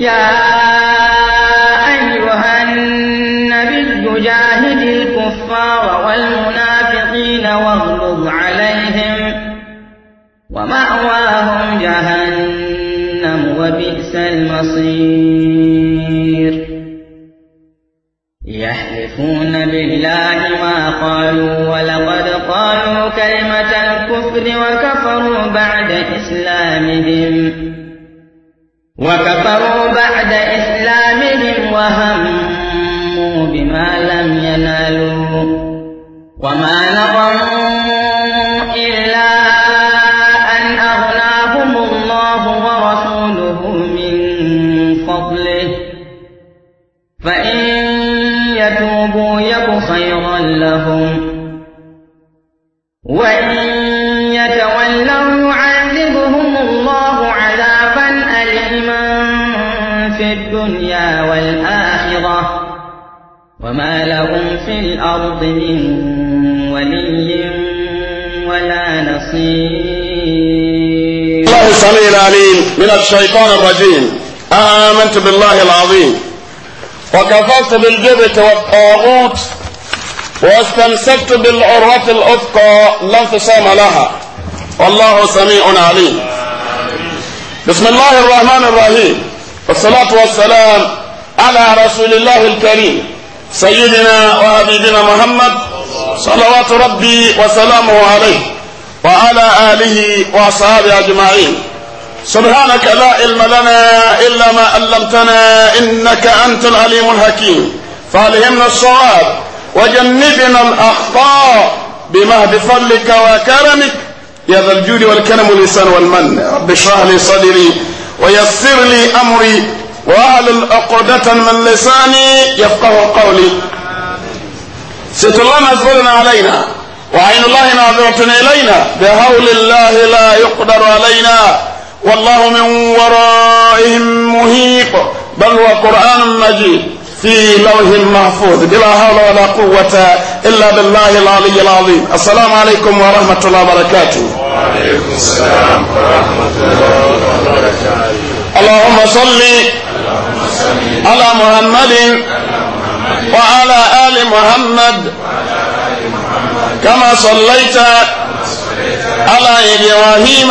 Yeah. الشيطان الرجيم آمنت بالله العظيم وكفرت بالجبت والطاغوت واستمسكت بالعروة الأثقى لا انفصام لها والله سميع عليم بسم الله الرحمن الرحيم والصلاة والسلام على رسول الله الكريم سيدنا وحبيبنا محمد صلوات ربي وسلامه عليه وعلى آله وأصحابه أجمعين سبحانك لا علم لنا إلا ما علمتنا إنك أنت العليم الحكيم فألهمنا الصواب وجنبنا الأخطاء بمهد فضلك وكرمك يا ذا الجود والكرم واللسان والمن رب اشرح لي صدري ويسر لي أمري وأهل عقدة من لساني يفقه قولي ستر الله مزبولنا علينا وعين الله ناظرة إلينا بهول الله لا يقدر علينا والله من ورائهم مهيق بل وقرآن مجيد في لوح محفوظ بلا حول ولا قوة إلا بالله العلي العظيم السلام عليكم ورحمة الله وبركاته وعليكم السلام ورحمة الله وبركاته اللهم صل على محمد وعلى آل محمد كما صليت على إبراهيم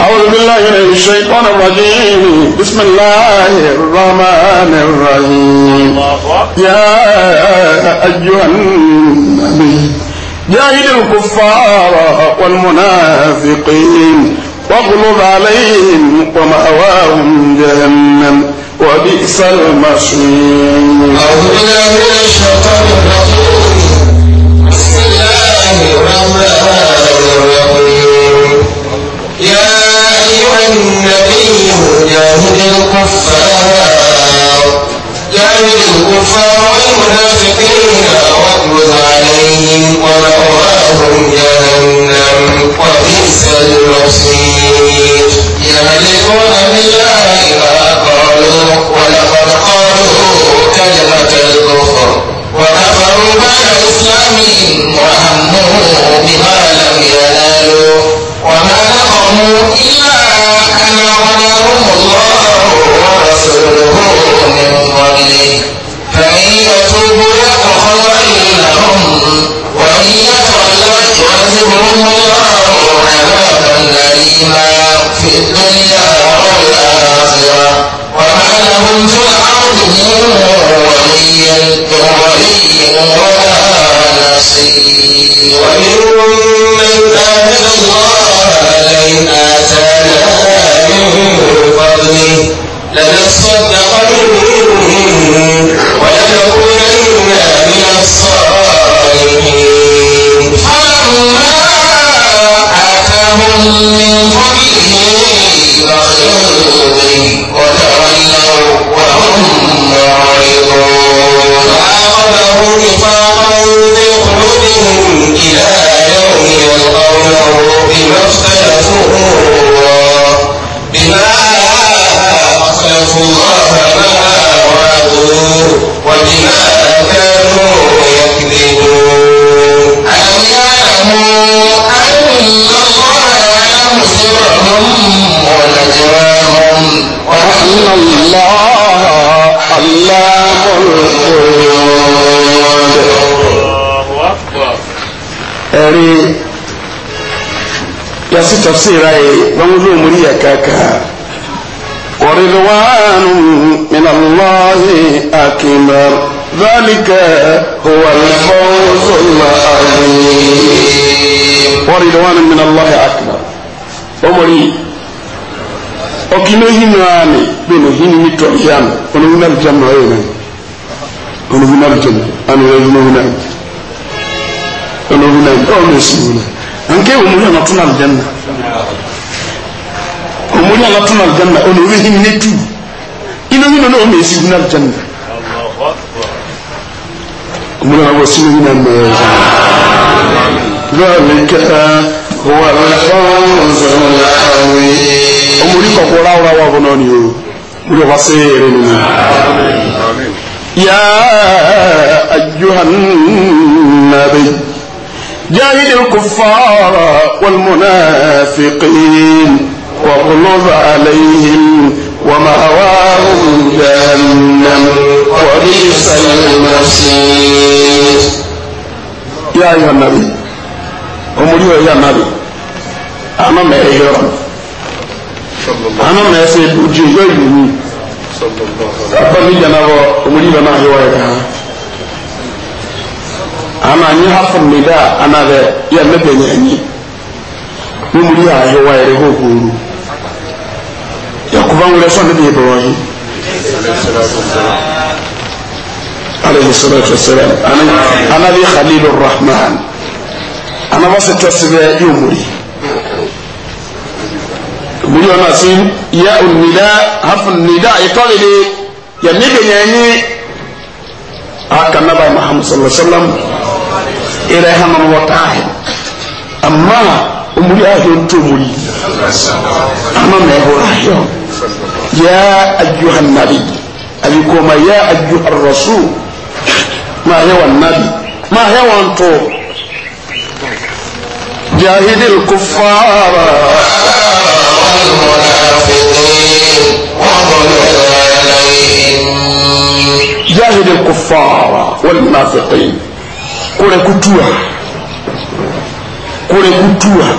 أعوذ بالله من الشيطان الرجيم بسم الله الرحمن الرحيم يا أيها النبي جاهد الكفار والمنافقين واغلظ عليهم ومأواهم جهنم وبئس المصير أعوذ بالله من الشيطان الرجيم بسم الله الرحمن الرحيم جاهد الكفار جاهد الكفار والمنافقين واغلظ عليهم ومأواهم جهنم وبئس المصير يهلكون بالله ما قالوا ولقد قالوا كلمة الكفر وكفروا بعد إسلامهم وهموا بما لم ينالوا وما نقموا إلا كما غناهم الله ورسوله من قبله فإن يتوبوا يك خيرا لهم وإن يتولوا يعذبهم الله صدقني ولنكونن من الصالحين فلما آتاهم من فضله بخلوا به وتولوا وهم معرضون فأخذهم نفاقا في قلوبهم إلى يوم يلقونه بما اختلفوا ẹ̀rí yasi tafsira yi wọn ló mú yẹ kaka wàrí lọ́wọ́ àánú minalláhi akíbar. ذلك هو الفوز العظيم ورضوان من الله أكبر أمري أكنهن واني بنهن متوحيان ونهن الجنة أين ونهن الجنة أنا ونهن ونهن أو نسيونا أنك أمري أنا تنا الجنة أمري أنا تنا الجنة ونهن نتو إنه هنا نوم يسيونا الجنة رسولنا ذلك هو الفوز العظيم omori kọkọ ráúra wà fún náà يا أيها النبي جاهد الكفار والمنافقين واغلظ عليهم ومأواهم جهنم وبئس المصير يا أيها النبي أمري يا النبي أنا ما يهرم أنا ما يسيب وجهي أبا مي، نبو أمري بما يهرم ama anyi hafa mmeda anaghị أنا ذا يا anyị ụmụ ihe ahịwa ere ha okwuru yakuba ŋun lẹ sọ ne bi ibrahim alayhi salatu wa salam ani anabi khalilu rahman anaba se tasiriya yi omuri omuri wa ma si ya onida hafi nida itɔli de ya ne bɛ yɛn ni a kan naba muhammad sallallahu alaihi wa sallam ira hama wa taahi amma omuri a yi to omuri. أمام إبراهيم يا أيها النبي أيكم يا أيها الرسول ما هو النبي ما هو أنتو جاهد الكفار والمنافقين جاهد الكفار والمنافقين كل كتوه كل كتوه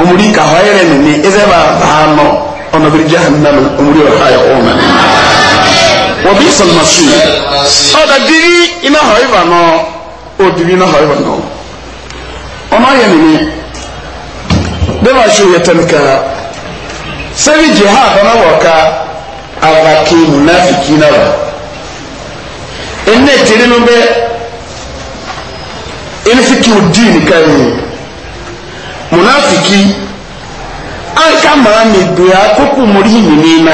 omuri ka hoyere ni ni ezeba bahano ono bir jahannam omuri wa haya ona wa bisa almasir oda diri ina hoiva no odiri ina hoiva no ono ye ni deba shu yatanka sebi jihad ona waka abaki munafikina wa enne tiri no be ilfiki udini kayi munafiki aka kama ne na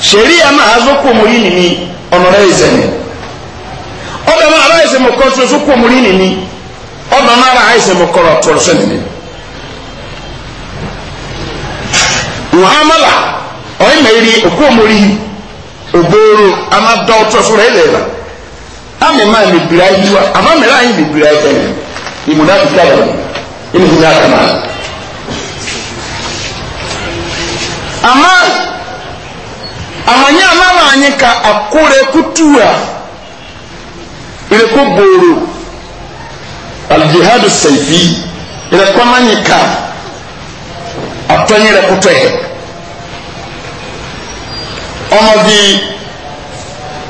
sheria ma azo kumuri ne ni ma ara mo kọsọ so kumuri ne ni ọdọ ma ara ese mo kọrọ tọrọ sẹ ne muhammadu ọyìn mẹrin okumuri ogboro ama dọ sọrọ ma ama in su ya kama amma ahanya mama anyi ka akure kutuwa ile ko boro aljihadu saifi ile ko manyi ka atonyere kutoe ọmọ bíi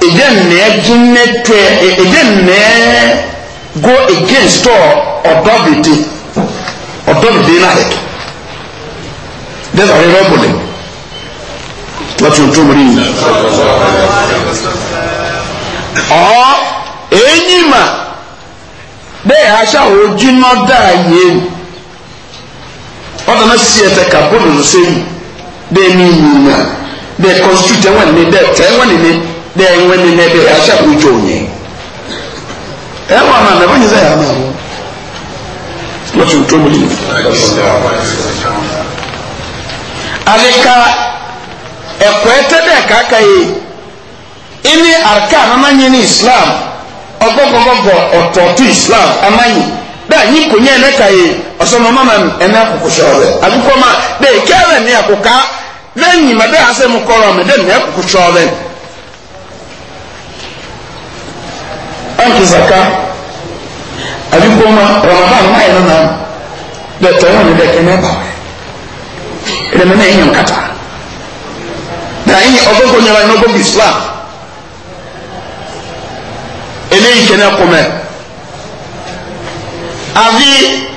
ɛdɛ mɛɛ gyinɛ tɛ ɛdɛ mɛɛ go against ɔ ɔdɔ bi te ọdọ mi dín náà yẹ dẹ́sẹ̀ ọ̀rẹ́ rẹ́ bọ̀lẹ̀ láti ojú omi yìí ọ èyí mà bẹ́ẹ̀ aṣá ojú náà dáa yẹn ọ̀dọ̀ náà sì ẹ̀fẹ̀ kàbọ̀nù sẹ́yìn bẹ́ẹ̀ ni yìí mà bẹ́ẹ̀ kọ́nsítútì ẹ̀wọ̀n ni bẹ́ẹ̀ tẹ́ ẹ̀wọ̀n ni bẹ́ẹ̀ ẹ̀wọ̀n ni bẹ́ẹ̀ aṣá ojú òyìn ẹ̀wọ̀n náà nàbọ̀nyẹ̀sẹ̀ yà máa wọ̀. lọ́tù tó mú yìí. Àdìka ẹ̀kọ́ ẹ̀tẹ́dẹ̀ kàkà yìí Islam ọgbọgbọgbọ ọtọọtọ Islam amáyé bẹ́ẹ̀ yín kò yẹn ẹ̀ka yìí ọ̀sọ́mọ mọ́mọ́ ẹ̀mẹ́ àkókò sọ̀rọ̀ àkókò máa bẹ́ẹ̀ kẹ́rẹ̀ ní àkókò lẹ́yìn bẹ́ẹ̀ kọ́rọ̀ mi àbí kó ma ramadan náà yẹn nana bẹẹ tọ́ wọn bẹẹ kẹ́ mẹ́bà wẹ̀ ẹ̀rẹ̀mẹ́ náà yẹn kata náà yẹn ọgọ́gọ́ nyọra ní ọgọ́gọ́ islam eléyìí kẹ́ náà kọ́ mẹ́ àbí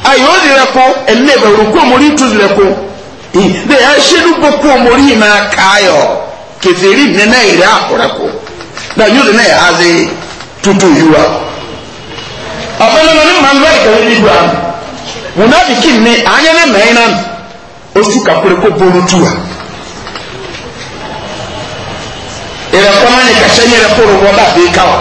ayé ó dirẹ̀ kó ẹ̀nẹ́ bẹ̀ rògbò mórí tó dirẹ̀ kó de ya ṣẹ́nu gbogbo mórí náà káyọ̀ kẹfẹ́rì nínú ẹ̀rẹ́ àkọ́rẹ́ kó náà yóò dín náà yà á dé tuntun yìí wá ọ̀fẹ́lẹ́ náà ní màá lọ ìkàwé ní ìgbà wọn náà kí ni àányẹ ní mẹ́rin náà oṣù kàkúrẹ́ kó bọ́ọ̀lù tù wá. ìrẹ̀kọ́ máa ní kàṣẹ́ ní ìrẹ̀kọ́ rẹ̀ wọ́n dàbí káwà.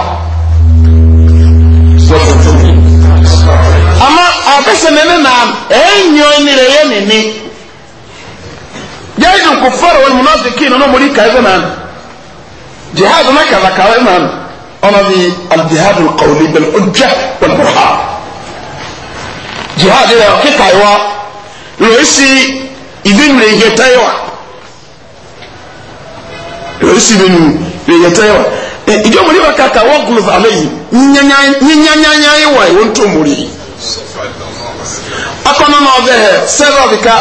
àmọ́ àkẹ́sẹ̀ nínú náà ẹ̀yìn ọ̀nì rẹ̀ yẹ́ nìní. yẹ́n ìdùnkù fọ́ọ̀rọ̀ wọn mú náà fi kí ni ọ̀nà mọ̀ ní kàṣẹ́ náà jihad náà kàlàkàlà náà ọmọ bi aljihadul qawli bil hujja wal burhan jihad yɛ ɔkeka yi wa lɔɔsi ibi mire yɛtɛ yi wa lɔɔsi ibi mire yɛtɛ yi wa ìdí omi nípa kàkà wọ́n gùlù fàlẹ́ yìí nyanyanya yi wà ìwọ́n tó mòrì yìí akɔnɔ náà ɔbɛ hɛ sɛbɛ ɔbika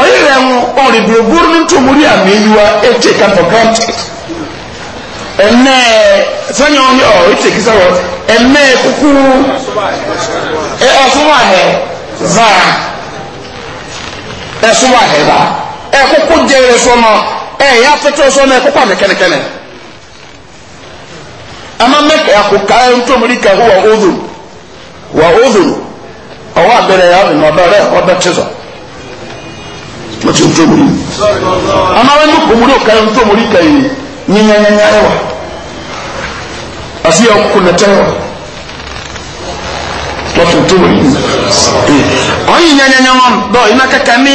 ɔyɛ rɛ ŋu ɔrìbìrì buru ní tó mòrì àmì yìí wa ètè kàtó granted. ɛnɛ sɛnyɛ ɔ eteki sɛ wɔ ɛnɛ kuku ɛ e, e, hɛ zaa e, ɛsoba hɛ zaa ɛkuku gyere so no ya afetɔ so ɛkuku kɛnɛkɛnɛ ama ka ho wɔ ozon wɔ ozon ɔwɔ abɛrɛ yɛ ɔbɛrɛ ama nyinyanyanya yɛ asi yɛ ɔkuna tɛ hɔ lɔtun tó wòye ɔyin eh. nyanyanya wọn dɔ yina kaka ni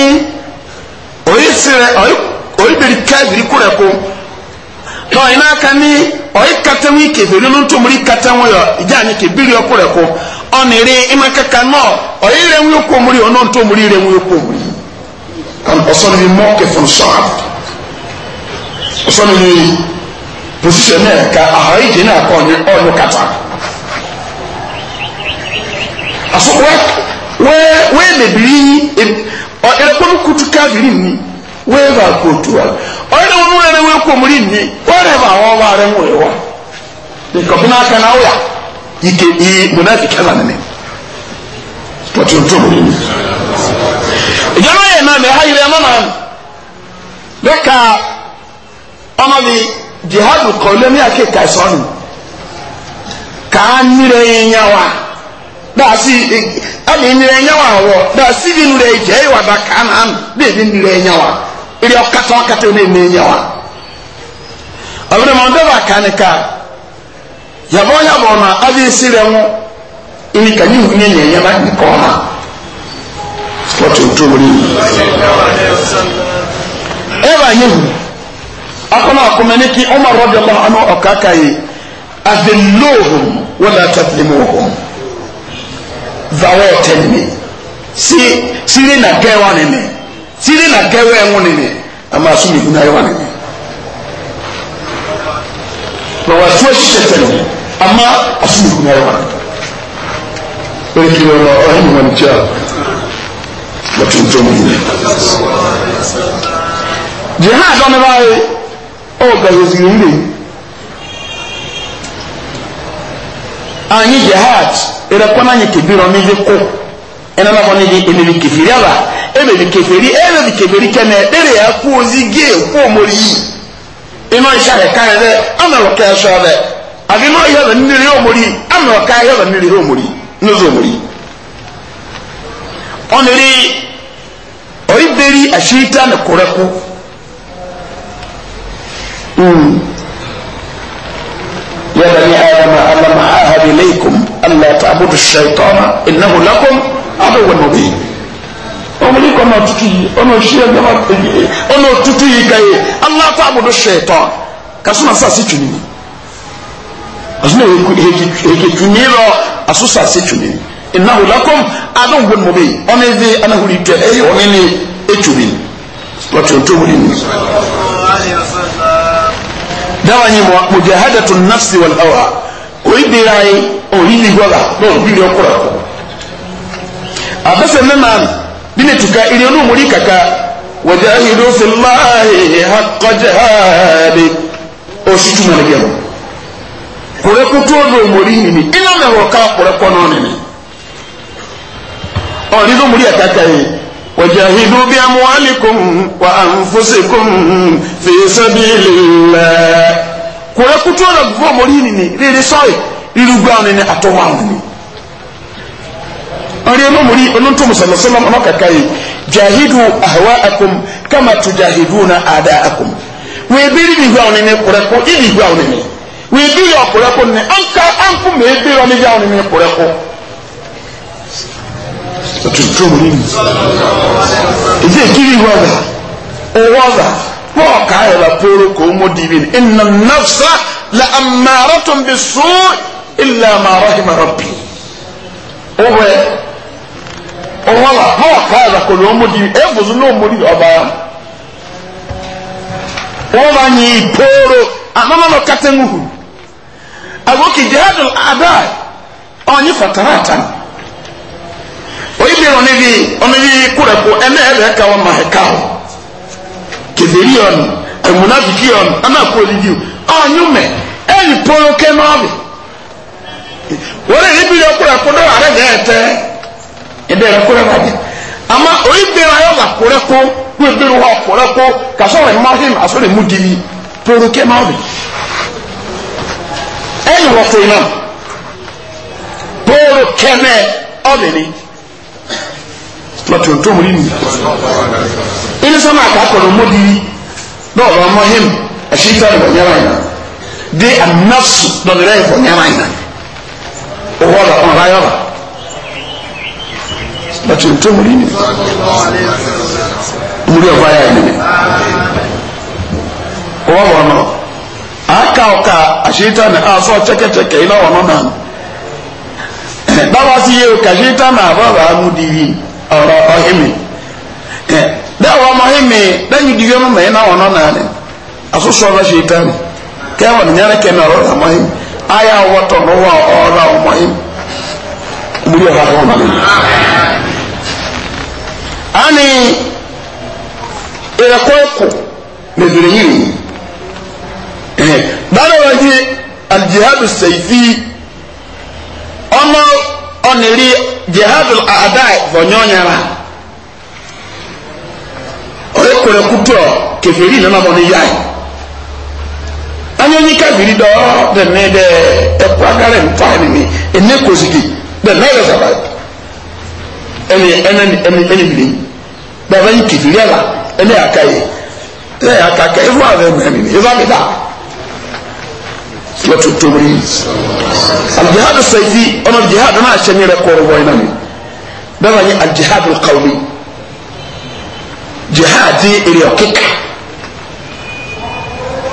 oyi srɛ oyi oyi beri kaabiri kura ko dɔ yina kaka ni oyi kata wi kefe nínú tómori kata wọn yɔ ìjà ni kebiri ɔkura ko ɔnere ima kaka nɔ oyi rɛ ŋun yɛ kɔmori ɔnɔ ntomori rɛ ŋun yɛ kɔmori kan ɔsɔn mi mɔ kefun sɔn ɔsɔn mi. position náà ka ahari jẹ náà kọ ọnyọ kata asokora wẹ́ẹ́ wẹ́ẹ́ bèbìrì kutu mi wẹ́ẹ́ bá wa náà wọ́n wẹ́ẹ́ mi bá wọ́n bá rẹ̀ nǹkan náà kẹ́lá jihadu kọ̀ọ̀lẹ́ ní àkíkà ìsọ́nù kàá nílẹ̀ ẹ̀yẹ wa na ẹ̀mí nílẹ̀ ẹ̀yẹ wa wọ̀ dàásì bí nílẹ̀ ẹ̀jẹ̀ ìwà dà kàá ịrị ọkata ọkata na-eme ẹ̀yẹ wa ìrì ọ̀kàtà ọ ọ̀nà ẹ̀mí ẹ̀yẹ wa. ọ̀bẹ̀rẹ̀ akɔnɔ akɔmɛni ki ɔmar rɔbi allah anu ɔkaka yi azilohun wala tatlimuhun zawɔ si siri na gɛ wa siri na gɛ wɛ ama asumi kuna yi wa nini lɔwɔ asuwa sise tɛnɛ ama asumi wa mu jihad ọ̀gá yẹ̀sìrì ń lè yí. anyi jihad ìrẹ́pọ̀ náà yẹ kébìrì ọ̀nà ilé kó ẹ̀nà náà wọ́n ní ẹ̀mẹ̀mí kẹfìrí àlà ẹ̀mẹ̀mí kẹfìrí ẹ̀mẹ̀mí kẹfìrí kẹ́nẹ̀ ẹ̀rẹ̀ yà kú ozi gé kú òmòrì yìí iná iṣẹ́ rẹ̀ ká yẹ dẹ́ ọ̀nà ọ̀kẹ́ ẹ̀ṣọ́ rẹ̀ àbí náà yẹ bẹ̀ nírí òmòrì ọ̀nà ọ̀ká yẹ bẹ̀ nírí òmòrì nízò òmòrì. ọ̀nà rí ọ̀yí na àṣírí tá يا بني آدم ألم أعهد إليكم ألا تعبدوا الشيطان إنه لكم عدو مبين náà tutù yìí òṣìṣẹ́ ẹgbẹ́ máa òtútù yìí àbùdó kásùnà tùnú ni èkìtùnú àṣù tùnú ni ọ̀nà ẹ̀dẹ́ dáwà ni mọ mujahadatu nafsi wal hawa oyi dira yi oyi ni gbọla n'o bi yọ kura kọ abẹsẹ nana bi ne tuka iri onu muri kaka wajahidu filahi haqqa jihadi osi tuma ne gẹ lọ kure kutu odo muri nini ina mẹ wọ ká kure kọ n'o nini ọ nínú muri ẹka ka yi. وجاهدوا بأموالكم وأنفسكم في سبيل الله kòrè kutu ọ̀rọ̀ gbogbo ọmọdéyìn ni rírì sọ́ọ̀yì rírì gbọ́n ni àtọ́wọ́ àwọn ni. ọ̀rẹ́ ẹ̀mọ́ mọ̀rí onótùmù sọ̀lọ́sọ́lọ́ ọmọ kàkà yìí jahidu ahawa akum kama tu jahidu na ada akum. wèé bí rírì gbọ́n ni kòrè kó ìrì gbọ́n ni wèé bí yọ kòrè kó ni ànkà tuntun mu nínú ìdí ìkiri wọ́ọ̀dà ọwọ́ọ̀dà pọ́ọ̀kà ayọ̀lá pọ́ọ̀rọ̀ kò mú dìbì ní ìnà nàfṣà la àmàrà tó ń bẹ sùn ìlà àmàrà hìmà rọ̀bì ọwọ́ ọwọ́ọ̀dà pọ́ọ̀kà ayọ̀lá kò lọ́ mú dìbì ẹ̀ bùsùn ló mú dìbì ọba wọ́n máa ń yin pọ́ọ̀rọ̀ àmàmàmà kàtẹ́ngùhù àgókè jihadul adá ọ̀nyin fàtàrà àtàná oyi bi ɔne bi ɔne bi kura ko ɛnɛ ɛbɛ ka wɔn ma ɛka o kebiri ɔnu ɛmuna biki ɔnu ɛna kó ɔni bi o ɔnyumɛ ɛyi polo kɛ n'ɔbi wɔn ɛyi bi ɔkura ko do ara ɛbɛ ɛtɛ ɛdɛ ɛkura ba bi ama oyi bi ayɔ la kura ko do ebi wa kura ko kasɔrɔ ɛma him asɔrɔ emu dibi polo kɛ n'ɔbi ɛyi wɔ fo yi na polo kɛ ɔbi ni. lọ́tọ̀ọ̀tọ̀ mú nínú inú sọ́mà àkàkọ̀rọ̀ mọ́dìrí náà lọ́wọ́ mọ́ him ẹ̀ṣẹ́ ìfẹ́ rẹ̀ wọ̀nyẹ́ wáyé Dị dé ànáfsù lọ́dẹ̀rẹ́ rẹ̀ wọ̀nyẹ́ wáyé náà owó ọ̀dọ̀ ọ̀n ráyọ̀ rà lọ́tọ̀ọ̀tọ̀ mú nínú múrí ọ̀fọ̀ ayé ẹ̀mí owó ọ̀wọ̀ náà àáka ọ̀ka àṣẹ ìtàn náà àṣọ o ọrọ ọhịmị dẹwọ ọmọhịmị dẹyìn ìdíwẹ mọ mẹyìn náà wọn nọ nàánì asosọ ọrọ ṣe ìtàn kẹwọn nyẹrẹ kẹmẹ ọrọ ọmọhịmị ayé awọtọ n'ụwa ọrọ ọmọhịmị omuli ọha ọhụrụ na mmiri ani ịrẹkọ ọkụ meziri yiri dara wọnyi aljihadu saifi ọmọ ɔniri jihadul adai vɔnyɔnyara ɔyɛ kɔlɛ kutɔ kefeli nana mɔ ni yae anyɔnyi kabiri dɔ ne de ɛkɔ agarɛ nfa nini ene kosigi dɛmɛ yɛ zaba ɛni ɛni ɛni ɛni biri baba yi kefeli ala ɛni aka yi ɛni aka kɛ ifu avɛ mɛ nini ifu avɛ da lọ́tún tó wọ́n yìí alijihadu sẹ́yìdì ọ̀nà alijihadu náà ṣe ní rẹ kọ́ ọ̀rọ̀ wọ́n yìí bẹ́ẹ̀ ni alijihadu kàwé jihadi èrè ọ̀kíkà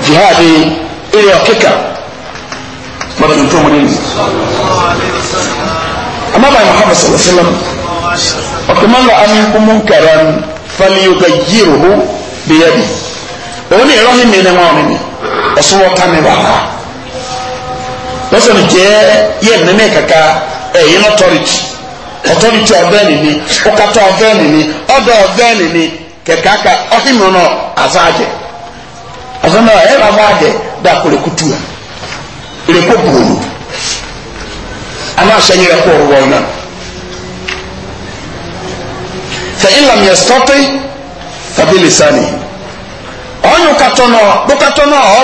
jihadi èrè ọ̀kíkà lọ́tún tó wọ́n yìí amaba muhammad sallallahu alaihi wa sallam ọ̀kùnrin lọ amúnkúmú kẹrẹ́n faliyoga yìí rò ó bìyẹ́bì ni mi ni wọ́n mi ni ọ̀sùn wọ́n ká mi lọ́sọ̀ ní jẹ́ yẹ nínú kàkà ẹ̀yìn ọ̀tọ́rìtì ọ̀tọ́rìtì ọ̀vẹ́ẹ̀nì ni ọ̀kàtà ọ̀vẹ́ẹ̀nì ni ọ̀dọ̀ ọ̀vẹ́ẹ̀nì ni kẹ̀kẹ́ aka ọ̀hìnmọ̀ náà àzáàjẹ́ àzáàjẹ́ náà ẹ̀rọ àzáàjẹ́ dàkú lè kutu à lè kó bòòlù anáṣẹ́ yẹn kó ọ̀rọ̀ wọn náà fẹ́ ìlànà yẹn sọ́tẹ́ tàbí lè sani ọ̀nyọ̀kàtọ̀ náà bókàtọ̀ náà ọ̀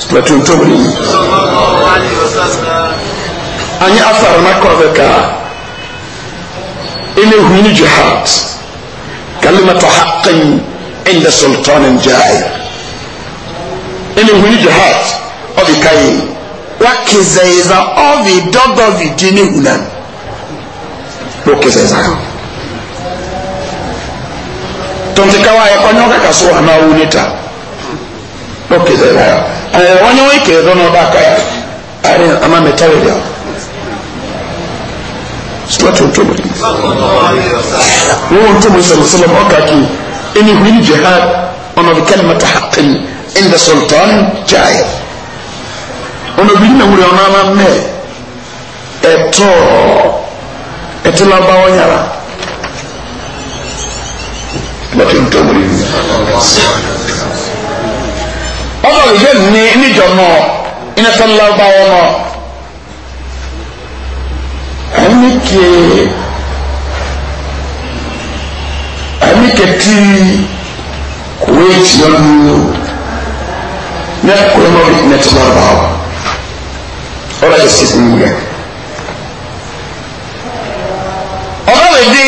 splatoon tó wuli yìí anyi asara na kɔrɔ bɛ kaa ele jihad kalimatu haqqin inda sultanin jair ele huini jihad ɔbi kayi wa kizaiza ɔbi dɔdɔ bi di ne hunan o kizaiza kan tonti kawa yɛ kɔnyɔ kaka so ana wuli ta o kizaiza kan onye nwe ike ịdọ n'ọba aka ya anyị ama metara ya sọtụ ntụmụ wọn ntụmụ sọlọ sọlọ ọ ka kii ẹni hu ni jihad ọnà bi kẹlẹ mata haqqin ẹnda sultan jaya ọnà bi nna wúri ọ̀nà ànà mẹ ẹtọ ẹtọ laba wọn yàrá sọtụ ntụmụ yìí ọsọ ìṣe ní níjọ náà iná sọlá bá wọn náà ẹni kè ẹni kè tí kò wé tì ọ nù ní ẹkùnrin náà ní ẹtì náà bá wọn ọlọ yẹ sí fún yẹ ọsọ ìdí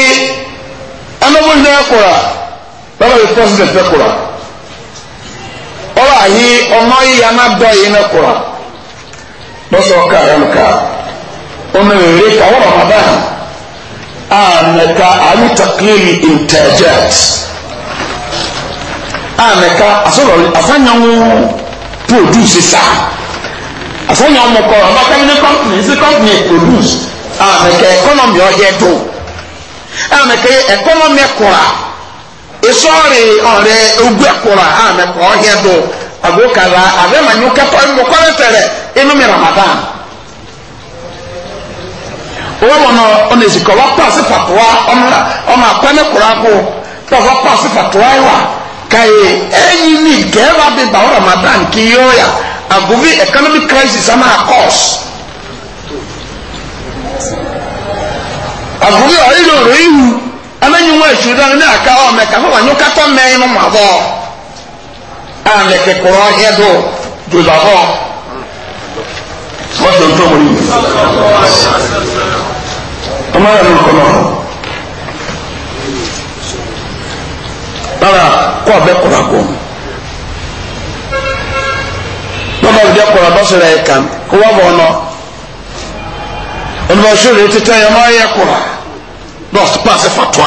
ẹnubú ní ẹkùnrin bàbá yẹ fọsí ẹfẹ kùnrin. ahi ọmọ ya na dɔ yi ne kura lɔsɔ kaara mu ka ka wɔ ramadan a mɛka ayi takiri intajet a mɛka asɔrɔ asanyanwu produce sa asanyanwu mɔkɔ ɔbɛka ne company si produce a a kura a ago kaza abe ma nyu kɛtɔ mo kɔrɛ tɛrɛ inu mi ramadan owó wọn nọ ɔnà ezikɔ wa paasi patoa ɔnà ɔnà apɛnɛ korako tɔ wa paasi patoa yi wa kaye ɛyin ni gɛɛba bi ba wɔ ramadan kì í yɔ economic crisis ama cause agobi ɔyìn lóore ihu ɛnɛ nyi wọn esu dání ní aka ɔmɛ kafa wọn nyu kɛtɔ mɛyin mu ma bɔ àmì kẹkọrọ ẹdọ jòzàfọ mọtò tó wọlé yìí ọmọ yẹn ló kọ náà rárá kó abẹ kọrọ àgọ mu bàbá mi jẹ kọrọ abọ́sọ̀rọ̀ ẹ̀ kàn kó wà bọ̀ ọ̀nà olùbọ̀sọ̀rọ̀ títẹ̀ ẹ̀ máa yẹ kọrọ lọ́sí pàṣẹ fàtọ́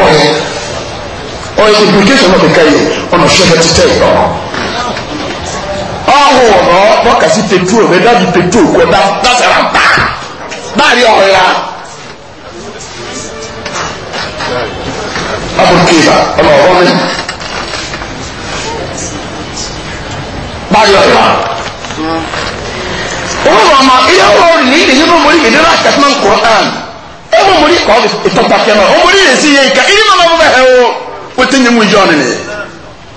ọyẹ ọyẹ implication náà kẹkẹ yìí ọ̀nà ṣẹlẹ̀ títẹ̀ yìí ọ̀nà ọ̀hún ọ̀nà bọ́kàsí petrol bẹ́ẹ̀ dájú petrol kọ́ dá dásẹ̀rà pa báyìí ọ̀rẹ́ra abúkéèbà ọ̀nà ọ̀rọ̀ mi báyìí ọ̀rẹ́ra wọ́n mọ̀ ọ́n ma ìyàwó rẹ̀ ní ìdíyẹ́ náà mo rí ìdíyẹ́ náà kẹ́tọ́ náà kọ́ ẹ̀ ɛmu mori kɔ ìtɔkpa kɛmɛ ɔmu mori yɛ si yɛ ika ɛni mama mo bɛ hɛ o o ti nyimu jɔ ne ne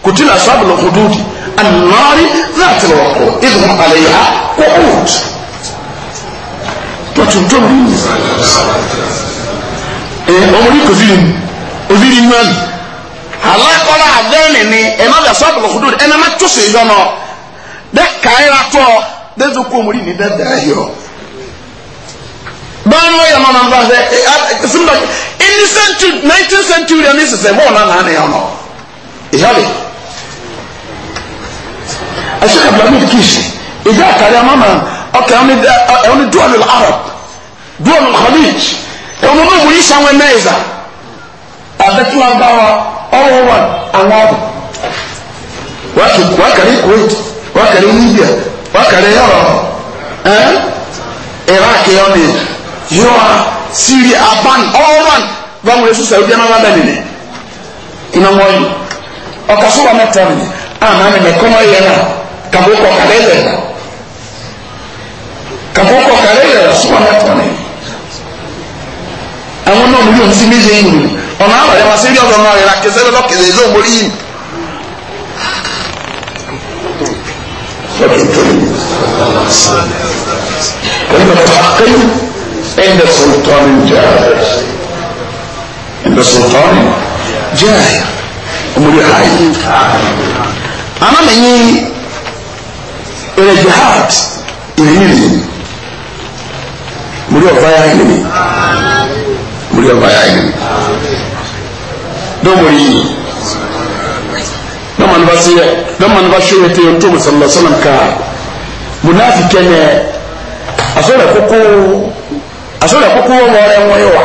kuti na so abolo ko duudi anaari láti lọ kọ ìdùnnú alẹ yà kó old tọ̀tùntọ̀ mi ẹ ɔmu ni koziri e mu oziri mu ali alakɔla abɛn nini ɛna bɛ so abolo ko duudi ɛna ma tó so ìjɔ nɔ dɛ kàyira tɔ dɛ zokò mori ni dɛ dɛ yɔ. báwọn yẹn mọ a fà sẹ sinba in the century nineteen century ẹni sẹsẹ bọ́ọ̀ náà nàá nìyẹn nọ ìyáde aseka blamid kish ìjà àkàrí amama ọkẹ ẹni arab duwọlù khalij ẹni wọn mú yíṣẹ àwọn ẹnẹ ẹza abẹtúwa báwa ọwọ wa àwọn ọbọ wákàrí kuwait wákàrí libya wákàrí yọrọ ẹ iraq yiwa siri aban ọman gbanwere so sɛ obiara ma bɛni ne ina wɔyi ɔkaso wa mɛta mi a maa mi mɛkɔn yɛ na kabo kɔ kare yɛ na kabo kɔ kare yɛ na so wa mɛta mi àwọn náà mo yóò nsi méje yìí mi ọ̀nà àwọn ẹ̀rọ asẹ́bí ọ̀dọ́ náà yẹra kẹsẹ́ bẹ́ẹ̀ lọ́kẹ̀lẹ́ ló ń borí yìí. Thank you. عند سلطان جاهر عند سلطان جاهر أمري حي أنا مني إلى جهاد إليني مريو بايا إليني مريو بايا إليني دو مريني dama ba se dama ba se te yen tó musalima sallam ka kɛnɛ a sɔrɔ koko asọ́nà kúkú wọn wọ ọrẹ wọn wà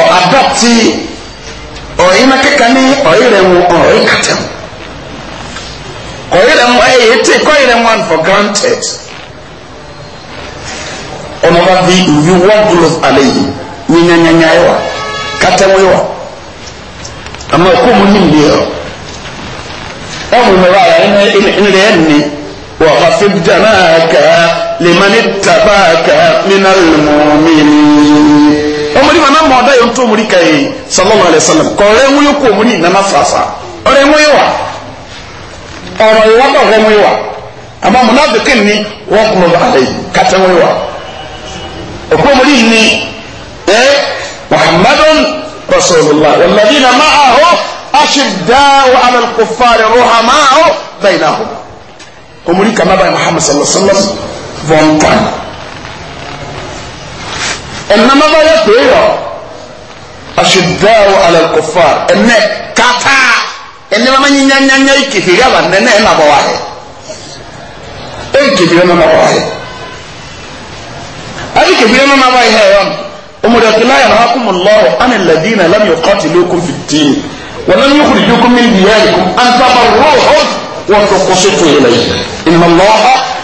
ọ adapti ọ̀yìn náà kíkà ní ọ̀yìn rẹ̀ wọn ọ̀yìn kàtẹ́ wọn kọ̀yìn rẹ̀ wọn ẹ̀ yẹ tí kọ̀yìn rẹ̀ wọn for granted ọmọ bá bí ìwí wọ́n gbúlọ̀ alẹ́ yìí ní nyanyanya yẹ wa kàtẹ́ wọn yẹ wa àmọ́ ẹ̀kọ́ mu ni ìlú yẹ ọ ọmọ mi wà ẹ̀ ẹ̀ ẹ̀ ẹ̀ ẹ̀ ní wà á fi dáná kàá limani tabaka minal mu'minin omuli mana mɔda yɛ ntɔ omuli ka ye sallallahu alayhi wa sallam kɔrɛ ŋun yɛ ko omuli nana sasa ɔrɛ ŋun yɛ wa ɔrɔ yɛ wa ka ɔrɛ ŋun yɛ wa ama munafikin ni wɔn kuma ba ale kata ŋun yɛ wa ɔkɔ omuli ni ɛ eh, muhammadun rasulillah waladina ma'ahu ashidaa wa alal kufaari ruhamaahu bayinahu omuli kama ba ye sallallahu alayhi wa sallam vɔntɔn ɛnama bá yẹ pé yọ asidawo alẹ kofa ɛnɛ kata ɛnama bá nyanyanya yi kefiri aba nẹnɛ ɛna bɔ wa yẹ ɛyi kefiri ɛna bɔ wa yẹ ɛyi kefiri ɛna bɔ yẹ yɔ ɔmɔdé kila yàrá hakumu lɔrɔ ɛna ladina lam yɔ kɔti lókun fitiin wàllu yóò kuli lókun mi diyaari kum an tabarro hɔn wọn tó kóso tó yẹlẹ yìí ìnàlọ́ha.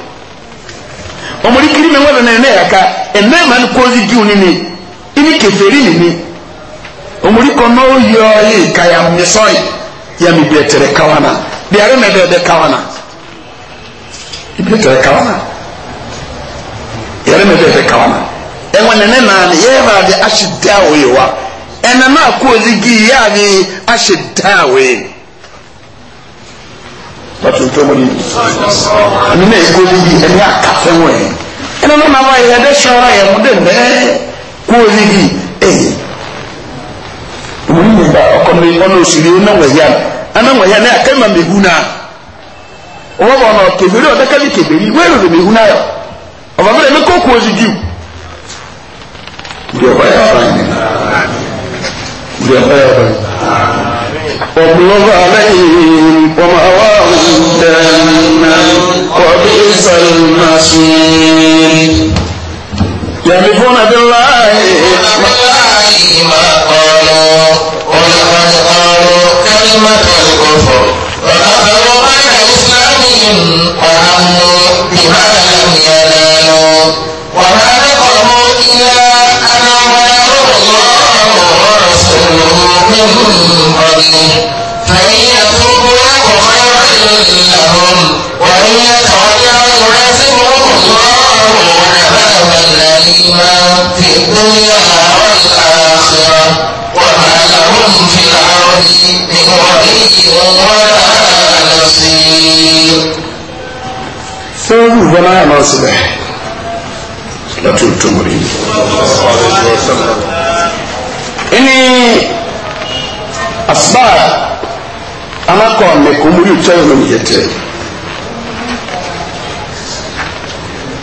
ọmọdé kiri mi wọ́n lọ́nà ẹ̀ náà yà ni ẹ̀ e náà ni ń kọ́sí jù ni ìní ni ọmọdé kọ́ náà yọ ẹ̀ ká yà mí sọ́ọ̀yì yà mí bí ẹ̀tẹ̀rẹ̀ káwọn náà bí ẹ̀rẹ́ mi bẹ́ẹ̀ bẹ́ káwọn náà ibi ẹ̀tẹ̀rẹ̀ káwọn náà ẹ̀rẹ́ mi bẹ́ẹ̀ bẹ́ káwọn náà ẹ̀wọ̀n nẹ́nẹ́ náà ni yẹ́ẹ̀ bá di aṣèdáwòye wa ẹ̀nà náà kọ́sí gi yáà ni aṣèdáwòye lọ́tún tó mú níbi ẹni náà kó níbi ẹni àkàfẹ́ wọn ẹ̀ ẹni náà máa wáyé ẹdẹ sọ́ra ẹ̀ mú dé mẹ́ kó níbi ẹ̀yẹ. òmùnú nígbà ọkọ mi ọ̀nà òsìrí ọ̀nà wẹ̀yà ọ̀nà wẹ̀yà náà kẹ́mà mi hu náà ọwọ́ bọ̀ ọ̀nà kèbèrè ọ̀dẹ́ kẹ́mi kèbèrè wọ́n èrò mi hu náà yọ ọ̀bà bẹ́ẹ̀ mi kó kó ozi jù. ìdí ọ̀bá yà fáyìn واغلظ عليهم ومأواهم جهنم وبئس المصير يحلفون بالله ما قالوا ولقد قالوا كلمة الكفر وكفروا عن الإسلام وهموا بما لم ينالوا من قبله فإن يتوبوا يكن خيرا لهم وإن يتولوا يعذبهم الله عذابا أليما في الدنيا والآخرة وما لهم في الأرض من ولي ولا نصير سيدي جماعة ناصبه لا تلتمرين صلى الله عليه وسلم ini asbaa anakɔ mɛkɔmuri utwa yɛ lɔmi yɛtɛ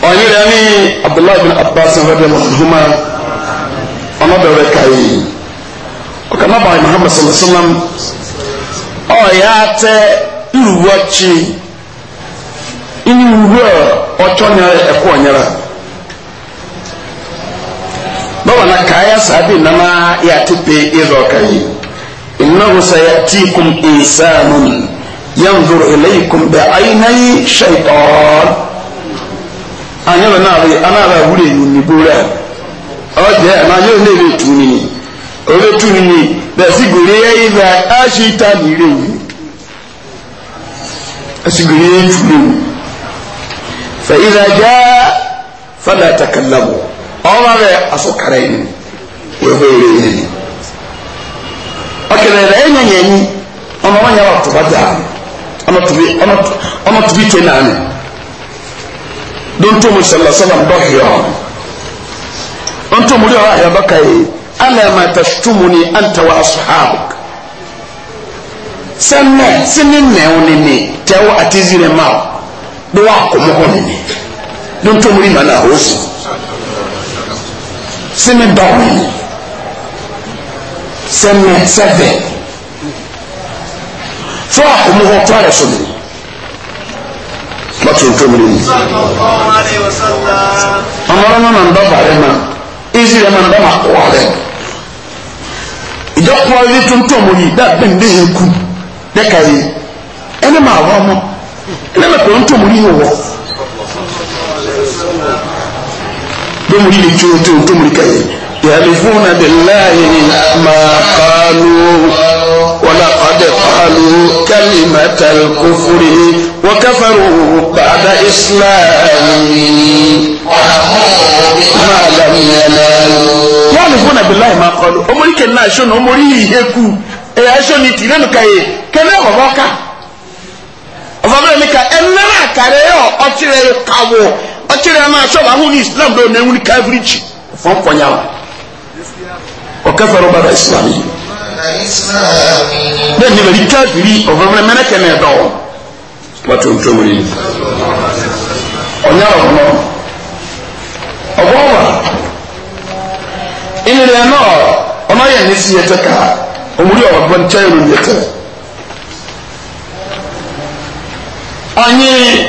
ɔnyere ni abdullahi bin abbas ɛwɛdɛ lɔnhuma ɔnɔbɛwɛ kayi ɔkana baa muhammad salam. Ọ oh, wa sallam ɔyaatɛ iruwɔkyi ini wuwɔ nyere ɛkɔnyɛrɛ. bawa na kaya sabi nama ya tipe izo kai innahu sayatikum insanun yanzur ilaykum bi aynai shaytan anyaba na ri ana ra wure yu ni bora oje na yo ne le tuni ole tuni be sigure ya iza ashita ni re asigure ya tuni fa iza jaa fala takallamu ọba bɛ asokara yi wehoore yi ɔkele bɛ ɛnyɛ nyɛ yi ɔmɔ wɔn nyɛ ba tuba daa ɔmɔ tubi ɔmɔ ɔmɔ tubi twe naani donto mu baka yi ala ma ta mu ni an wa asuhabu sɛnɛ sini nɛɛw ni ni tewu ati zi ma do ni ni ni ma na sini dɔn sɛmɛ sɛvɛ fɔ ɔmu hɔ tɔ yɛ sɔmi ba tun tɔmiri mu ɔmɔdé ma ma ba ba rɛ ma ezi rɛ ma ba ma kɔ rɛ ìjọ kọ́ ẹni tó ń tọ̀ mọ́ bẹ́ẹ̀ ní ẹ̀ kú dẹ́ka yìí ẹni máa wọ́ ọmọ ẹni máa pè ń yìí wọ̀ domuli le tso te o domuli ka ye yalifuna bilayi ma kaalu wala kade kaalu kalimatal kufuri wa kafaru baada islami yalifuna bilayi ma kaalu omori kɛ naa so na omori yi heku ɛyà ɛsɛ ni tìrɛ nu ka ye kɛnɛ ɔbɔ ka ɔbɔ bɛ mi ka ɛnɛrɛ akarɛ yɛ ɔtirɛ kawo ɔkyerɛ ɛma akyɛw ahu ni islam dɛ ɔnɛ nwuni kafiri kyi fɔm kɔnya wa ɔkɛfɛrɛ ɔba da islam yi dɛ nyɛ bɛyi kafiri ɔfɛfɛrɛ mɛnɛ kɛnɛ dɔw wato ntomri ni ɔnya ɔbɔ ɔbɔ wa ɛnìyɛ náà ɔmɔ yɛ ne si yɛ tɛ kaa ɔmɔdi ɔbɔ nkyɛn yɛ tɛ ɔnyi.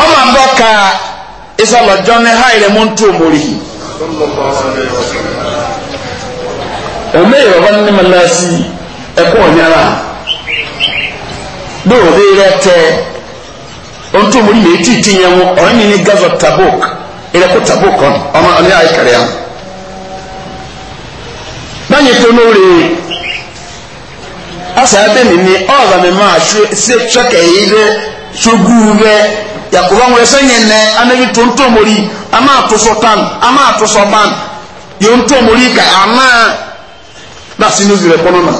ọmọ àbọ̀ ka ìsọlọ̀jọ́ ní háìlẹ̀ mú tó mórí òmíyàn wọn ní mọ́lásí ẹ̀kọ́ ọ̀nyára bí òde rẹ tẹ ohun tó mórí yìí tí tí yẹn wọn ọ̀rẹ́ mi ní gaza tabok ìrẹ́kọ́ tabok ọ̀n ọmọ na àìkàrẹ́ àwọn. asa yakuba ŋun ɛsɛ nyɛ nɛ anabi tontomori ama atoso tan ama atoso ban yontomori ka ana lasi nu zirɛ kɔnɔ na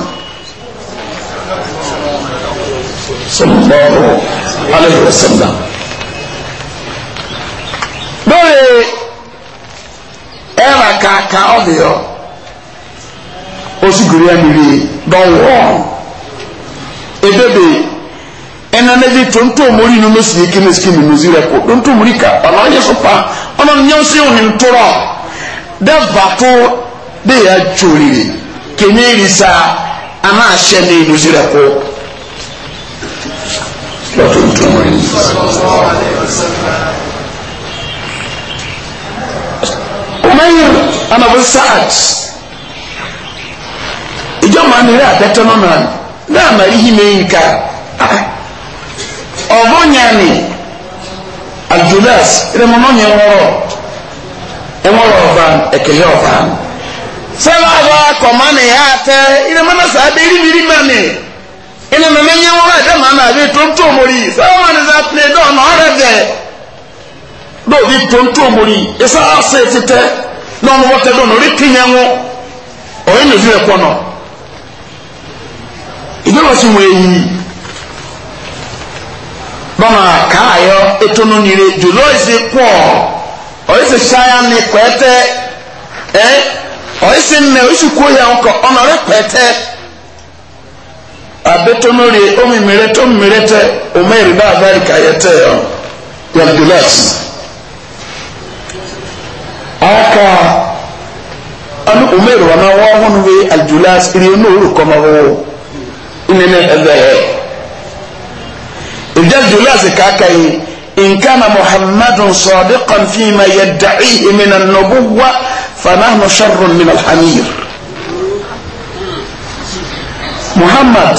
sɔlɔlɔ alayhi wa sallam lóye ɛra kaka ɔdiyɔ osigiri ɛniri dɔwɔ ebebe ɛna ne tonto mori no no sie kene sike ne mozi rɛ ko tonto mori ka ɔno ɔnyɛ so pa ɔno nyɛ nso yɛ ɔne ntorɔ dɛ bato de yɛ atworiri kenye ri ana ahyɛ ne mozi rɛ ko ɔmayɛ anabo saat ìjọba mi rẹ abẹtọ náà náà náà màrí hi mi nka ọ̀bọ̀ nyani aljudas ìrẹ̀mọ̀ náà nyẹ wọ́rọ̀ ẹ̀wọ̀rọ̀ ọ̀fàn ẹ̀kẹ̀lẹ̀ ọ̀fàn sẹ́wọ́ àbá kọ̀má ni yà á tẹ́ ìrẹ̀mọ̀ náà sáà bẹ́ẹ̀ rírì mà ní ìní mẹ́mẹ́ nyẹ wọ́rọ̀ ẹ̀dẹ́ màá nà bí tóntó mori sẹ́wọ́ mà ní sáà pèlè dọ́ọ̀nà ọ̀rẹ́ bẹ̀ dọ́ọ̀bí tóntó mori ẹ̀sà àṣẹ títẹ́ n'ọmọ wọ́n tẹ́ dọ́ọ̀nà orí kínyẹ́ wọn ọ̀yẹ́ nìyí rẹ̀ náà ìjọba sì wọ èyí bama kaayo etono nire jolo ese kɔ ɔyese saya ne kpɛtɛ ɛ ɔyese mɛ oyesu ko ya ɔkɔ ɔnɔre kpɛtɛ abetono re omimire to mimire tɛ omeyiri ba abari kaayɛ tɛ ɔ yagulas aka ɔno omeyiri wɔn awɔ ɔhono we agulas iri enu oru kɔmɔ wo nnene ɛbɛ yɛ ìjẹ́ jòlí àsìkò àkàyè nǹkan muhammadun sọ̀dẹ́kàn fíìmà yẹ dàcí ìmìnà nọ̀bù wá fanahun sharrun min alhamir. muhammad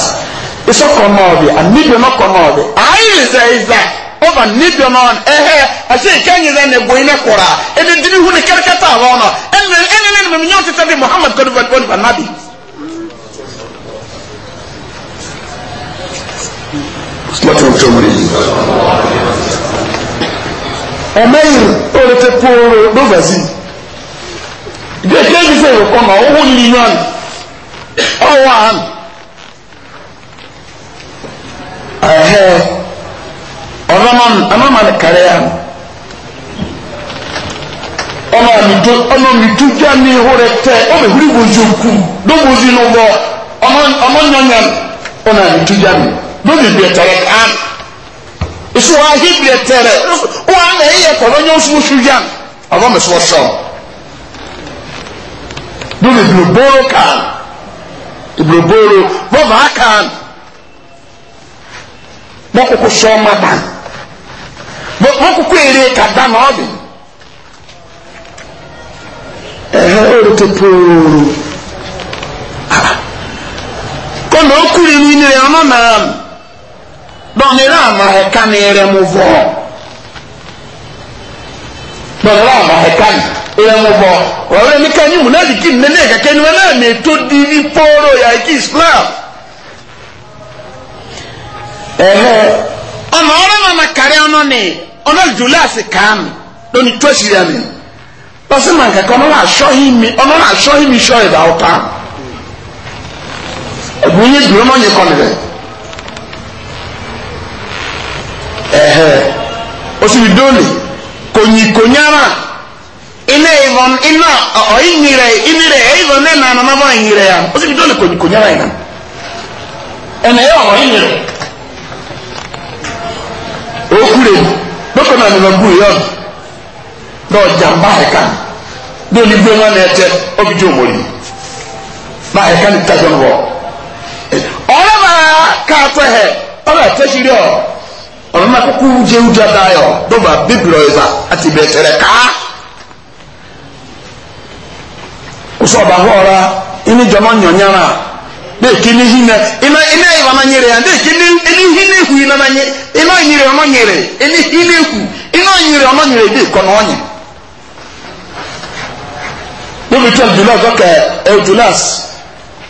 isọkọ nọọbi anibio nọkọ nọọbi ayi sẹ ẹza ọba nibio nọọbi ẹhẹ ẹsẹ ìkẹyìn sẹ ẹnẹ gbọnyin ẹkọra ẹdidiri hu ni kẹrẹkẹtà àwọn ọ̀nà ẹnẹ ẹnẹ ẹnẹ mímú nyọ́ títẹ́ di muhammad kọ́ni bá nàbì. sọlọ́tì ọ̀tọ̀ mọ̀ yìí. ọ̀mẹ́yìn olùtẹ̀ pòrò lóbàzì ìdíyẹ̀kẹ́ bí fẹ́ ìrọ̀kọ́ náà owó nínú àná ọwọ́ àná. ẹ̀hẹ́ ọ̀nàmọ̀ nìkàrẹ́ yà lórí ìbìẹ̀tẹ̀rẹ̀ kan èso wa hi ìbìẹ̀tẹ̀rẹ̀ wọn na ẹ̀yẹ kọ̀ọ̀lọ́ nyẹ́ oṣù oṣù yá ọ̀rọ̀ mi sọ sọ lórí ìbìlòbóró kan kan wọ́n kókó sọ ọmọ dàn wọ́n kókó èrè kàdá na dɔnira amahɛka ni ɛrɛmu dɔnira amahɛka ni ɛrɛmu vɔ mi ka ni mu n'ali ki mɛ n'ayɛ kɛkɛ ni mɛ n'ayɛ mɛ to divi pooro yɛ ki islam ɛhɛ ɔnà ɔrɛ nana kari ɔnɔ ni ɔnɔ julasi kan lóni tó si yà lọsí ma asɔhi mi asɔhi mi sɔ ehe osiri dole konyikonyara ina ìvọn ina ọ̀yìnyìrẹ ìnirẹ ìvọn ya osiri dole konyikonyara ìnà ẹ̀nà yẹ ọ̀yìnyìrẹ okure dọ́kọ̀ náà nìlọ ya yọ dọ́ọ̀ jàmbá ẹ̀ka dóòlì gbé wọn náà tẹ ọbí jẹ́ òmòrì náà ẹ̀ka ní tajọ́ wọ ọ̀rẹ́ bàa káàtọ̀ ẹ̀ ọ̀rẹ́ ọ. ọ̀nà náà kúkú jẹ́ ojú adáyọ̀ dọ́gba bíbélì ọ̀yẹ̀sà àti ìbẹ̀tẹ̀rẹ̀ ká. kùsọ̀ ọ̀bà họ́ọ̀ra iní jọmọ́ nyọ̀nyára bẹ́ẹ̀ hinẹ iná iná ìwà máa nyere ya bẹ́ẹ̀ kí hinẹ nyere nyere ọmọ nyere hinẹ nyere ọmọ nyere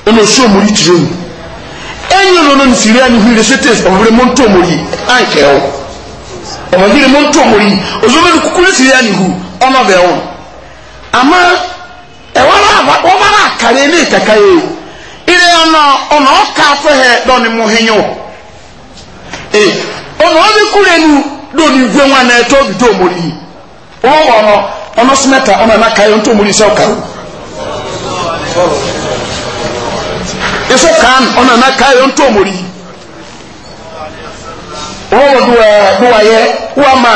náà sí ẹ̀yìn lọ́nà ní sìrí ẹni hùwìrì ṣètẹ́s ọ̀bẹ̀rẹ̀ mọ́ tó mọ̀ yìí àǹkẹ́ ọ̀ ọ̀bẹ̀rẹ̀ mọ́ tó mọ̀ yìí òṣèlú kúkú ní sìrí ẹni hù ọmọ bẹ̀ wọn. àmọ́ ẹ̀wọ́n wọ́n bá rà kàrí ilé ìtẹ̀ka yìí ilé ọ̀nà ọ̀nà nu bi iso kan ɔna na kaa yɛn tó omori wɔn wɔ do ɛɛ eh, do ayɛ wɔ ama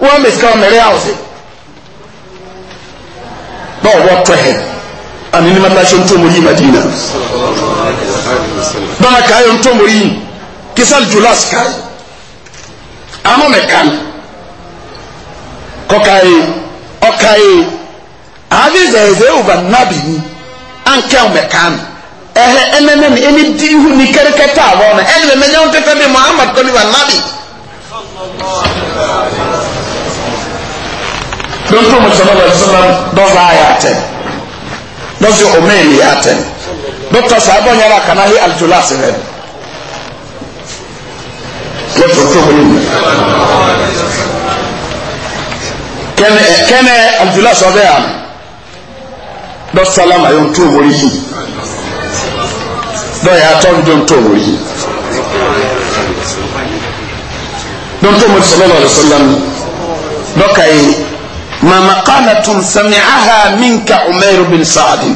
wɔ ama sika ɔmɛrɛ awusi báwo wɔ tɔ hɛ ani ní ma ta se tó omori madina báwo kaa yɛn tó omori kisali jola sika ama mɛ kan kɔkae ɔkae adi zɛzɛ ova nabi ni o ɔmɛ kan ɛhɛ ɛnɛnɛm ɛni di ihu ni kɛrɛkɛtɛ awɔ no ɛnna mɛ nyɛn tɛtɛ bi muhammad kɔni wa nabi. dɔnku mo sɔrɔ lɛ sɔrɔ dɔsɔ ayɛ atɛ dɔsɔ omeeli atɛ dɔkita saabɔ nyara kana hi alijula sɛbɛ lɔtɔ tó mo nimu kɛnɛ kɛnɛ alijula sɔbɛ yan dɔsɔ lama yɔn tó mo yi dɔyɛ atɔn donto wɔ yi donto mo sɔlɔlɔ alayisalaam dɔka yi mama kala tun sami aha minka umeru bin saadi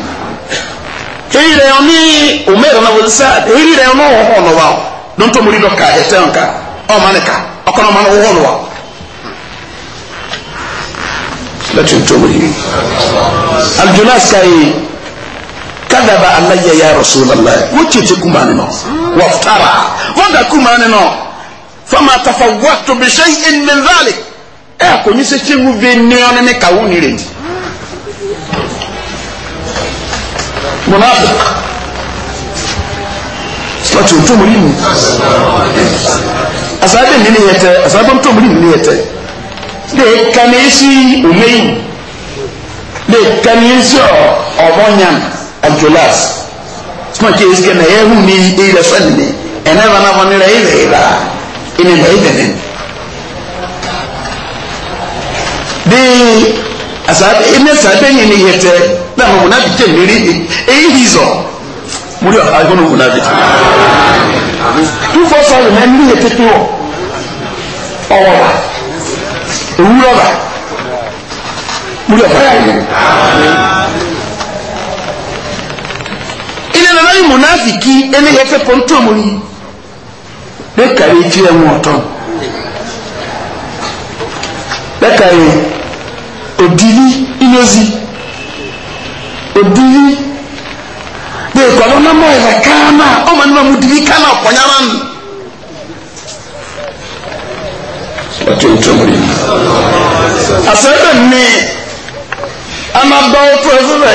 eyi rɛ yɔ ni umeru na wuli saadi eyi rɛ yɔ n'o wɔhɔ nɔ wa donto mo ri dɔka ɛtɛ nka ɔma ne ka ɔkɔnɔ ma ne wɔhɔ wa lati o yi aljunas ka yi kadaba alayya ya rasulallah wọ́n ti kuma ni nọ wọ́n tara kuma ni nọ fama tafa wàtò bisẹ́ ìnìlálì ẹ̀ kò ní sẹ́ tiẹ̀ wúve níwọ̀n ní kàwọ́ ní rẹ̀ munafik láti o tó mu asaade mi ni yẹ tẹ asaade tó mo ní mu ni yẹ tẹ de kàní sí de kàní sí ọ ọbọ aljulas kuma ke iske na ya hu ni ila sanne ene bana wani rai rai ba ina rai da nan de asabe ina sabe ni ni yete na mo na bite ni ri e hizo muri agono kuna bite tu fo so na ni yete to owo ba ewuro ba muri ọ̀pá yà yẹn ẹnna lórí mùnáfìkì ẹni yẹ fẹ́ pọ́ńtò mu yìí lẹ́kàrí etí ẹ̀ wọ́n tán lẹ́kàrí òdìrí ìnọ́sí òdìrí bí ìkọ̀lọ́ náà mọ̀ ẹ̀rẹ̀ káàmà ọmọ nínú ọmọ òdìrí káàmà ọ̀pọ̀nyára nù. wàtí o tó yìí. àṣẹ bẹ́ẹ̀ ni a máa bá ọ ẹ fún ẹ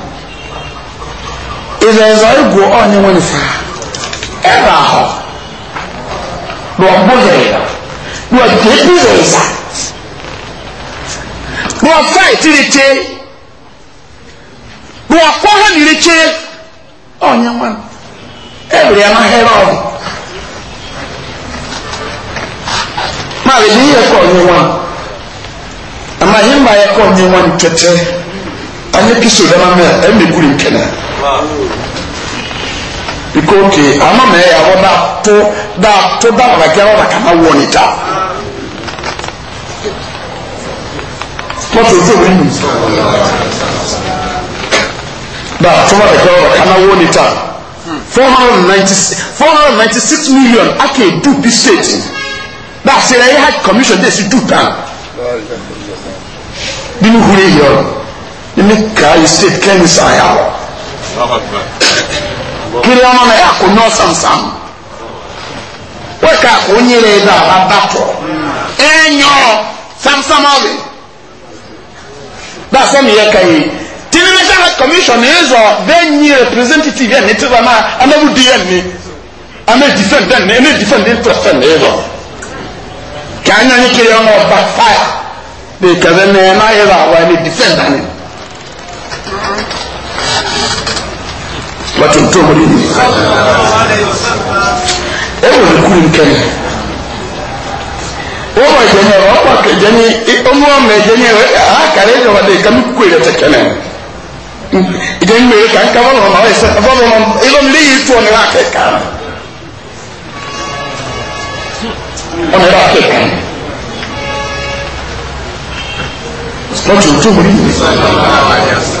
ìzẹ̀zọ̀ ìgò ọ̀nyẹ́ wọn ni sáà ẹ̀rọ ahọ́ lọ́ọ̀bù yẹ̀yẹ̀ lọ́ọ̀dẹ́ bí yẹ̀yẹ̀ lọ́ọ̀fà ìtìrìtì lọ́ọ̀kọ́ hàn ìrìtì ọ̀nyẹ́ wọn ẹ̀rọ ẹ̀ma hẹ́rọ̀ ọ̀hún. Máa lè ní yẹ kọ̀ ọ̀nyẹ́ wọn, àmà yín máa yẹ kọ̀ ọ̀nyẹ́ wọn kẹtẹ́ anya kiso dama mɛ ɛmɛ guri nkɛnɛ biko ke ama mɛ yɛ awɔ daa to daa to daa wala gɛrɛ wala kana wɔ ne ta pɔtɔ tó wuli mu daa to wala gɛrɛ wala kana wɔ ne ta four hundred ninety six four hundred ninety six million ake du bi state daa sɛ ɛyɛ hajj commission de si du tan bi ni hure yɔrɔ ni kaa yi state kẹ́ni san ya wọ kiri ọmọ na yà kó nyọ sansan wọ́n ká kó nyere yìí dá a bá tọ̀ ẹ nyọ sansan ọ̀bẹ bá a sẹ́mi yẹ ká yìí tìrìmẹ́sàlá commission yìí zọ bẹ́ẹ̀ nyi representative yẹn ní tí wọ́n náà anáwó di yẹn ní ana defend dẹ́n ní ẹni defend ní tẹ̀sán yìí zọ kí a nyọ ní kiri ọmọ ọba fire bí kẹfẹ́ ní ẹ̀ náà yẹ zọ àwọn ẹni defend dání watontɔn mu ni ɛwɔ nkuru nkɛm wɔn ma jɛnyɛ wɔn kɔ kɛjɛni ɔmu wɔn ma jɛnyɛ wɔ aa kare ɛdɛ wɔ de kami kuku yɛrɛ tɛ kɛnɛ jɛni mi kan kama wɔn ma ɔyɛ sɛ ɛfɔ wɔn ma ɛlɔn lé yi tó ɔnira kɛ kan ɔnira kɛ kan watontɔn mu ni.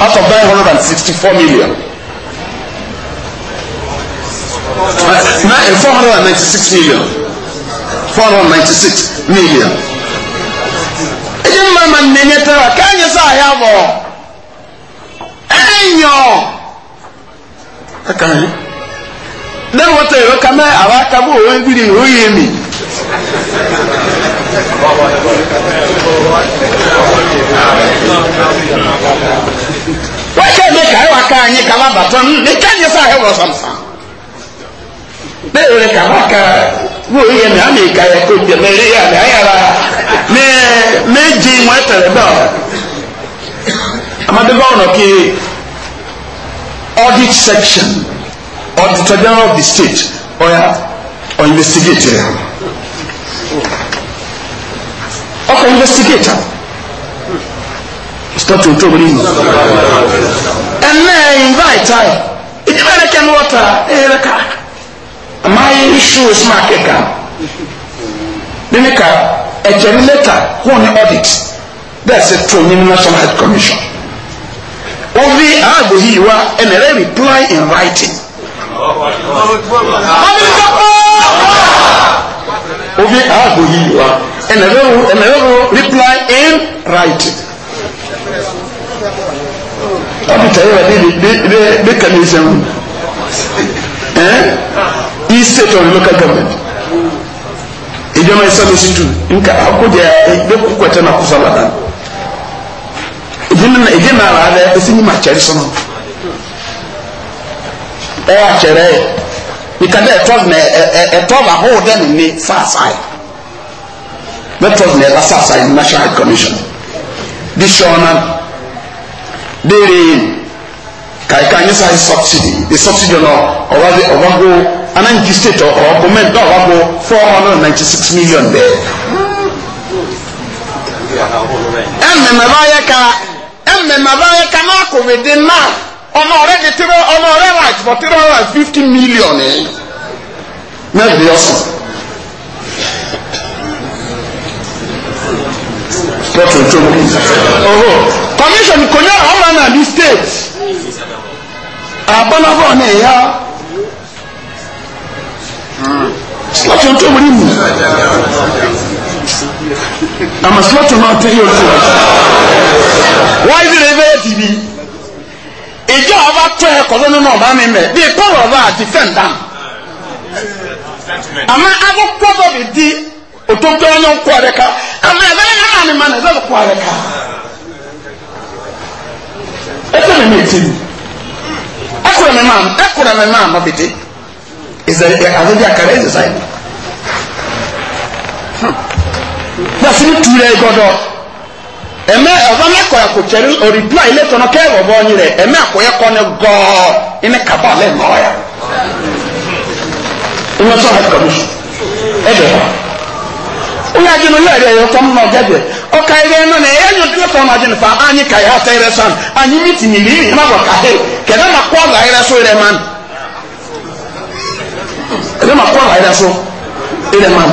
out of 964 million. Nine, 496 million. 496 million. Eji mma ma nnenye tara ka anyị saa ya bụ enyo. Aka anyị. Ndị nwata ero ka mee ara aka bụ onye biri na oyi emi. wáṣẹ mi kàrí wà ká anyi kàmá bàtàn ní kẹ́ni sá ahẹ́ wọ̀ sàmùsàn bẹ́ẹ̀ rẹ kàmá ká wọ́n yẹ mi àmì ìka yẹ kó jẹ mẹ́rin yà mí ayára mẹ́ méjì wọn tẹ̀lé bẹ́ẹ̀ amadugbo ọ̀nà kí audit section auditor general of the state ọ̀ investigate investigator. stop to tori And ɛnna invite ayi ìdí bẹ́ẹ̀ kẹ́ ní wọ́tà ẹ̀rẹ́ my àmà yẹ ní shoes máa kẹ́kà nínú ká ẹ̀jẹ̀ ní lẹ́tà wọ́n audit bẹ́ẹ̀ a tó ní national health commission Obi fi ah, and yìí reply in writing. Obi aago ah, and wa, reply in writing. ọ̀pìtà yóò wà bí kàmí ìsẹ̀wọ̀n east state or local government ìjọba ìsọ̀rọ̀ ìsìtú nka akójẹ ẹgbẹ́ kúkú ẹ̀tẹ́ náà kúsọ̀ lọ́dà ìdí náà rà rẹ ẹsẹ ní ma kyẹrẹ sọnà ẹ yà kyẹrẹ yẹ nìkan dẹ ẹtọ́ nà ẹtọ́ nà ahóhó dẹ nì ní sàásàá bẹ́ẹ̀ tọ́ nà ẹ̀ bá sàásàá yìí national commission bí sọ̀nà. deere kai kai nyɛ saa subsidy the subsidy no ɔba de ɔba go ananke state ɔba go mɛ dɔ four hundred ninety six million bɛɛ ɛmɛmɛ b'a yɛ ka ɛmɛmɛ b'a yɛ ka n'a kò wé de na ɔmɔ ɔrɛ de tɛrɛ ɔmɔ ɔrɛ wa jùlɔ tɛrɛ wa fifty million ɛ n'a bɛ yɔ tó mu ɔhɔ commission konya ọmọ na di state abanafọ na ẹya slọtì ọtọ wọlé mu àmà slọtì náà tẹ yóò tó wáyé ti rẹ bẹ́ẹ̀ tìbí ìjọ ọba tó ẹ kọ́ lónìí náà ọba mi mẹ bíi kọ́lọ̀ ọba àti fẹ́ǹdà àmà akókó bọ̀ mi di òtó ń pẹ́ ọ́nyọ́ ń kọ́ ẹ̀ka náà ni mà ní ẹ̀bẹ̀rẹ̀ kọ́ ẹ̀ka. ɛtɔ ne ne ti mu ɛkura ne maam ɛkura ne maam ɔbɛdi ɛzɛri ɛ adi bi akara ɛzɛ sáyɛ gbasi ni tuure gɔdɔ ɛmɛ ɔba mi kɔ ɛkutɛri ɔripla ilé tɔnɔ kɛ ɛwɔbɔ ɔnyi rɛ ɛmɛ akɔyɛ kɔ ne gɔɔ ɛne kaba lɛ nɔɔya ɛmɛ sɔ ha ɛdɛ onye gị n'ụlọ ebe ya ọtọm na ọjabịa ọka ebe nọ na ya nyụ dịrị fọm adị nfa anyị ka ya san anyị mitin iri iri ma ka he kedu ma kwa ọla ire ire man kedu ma kwa ọla ire man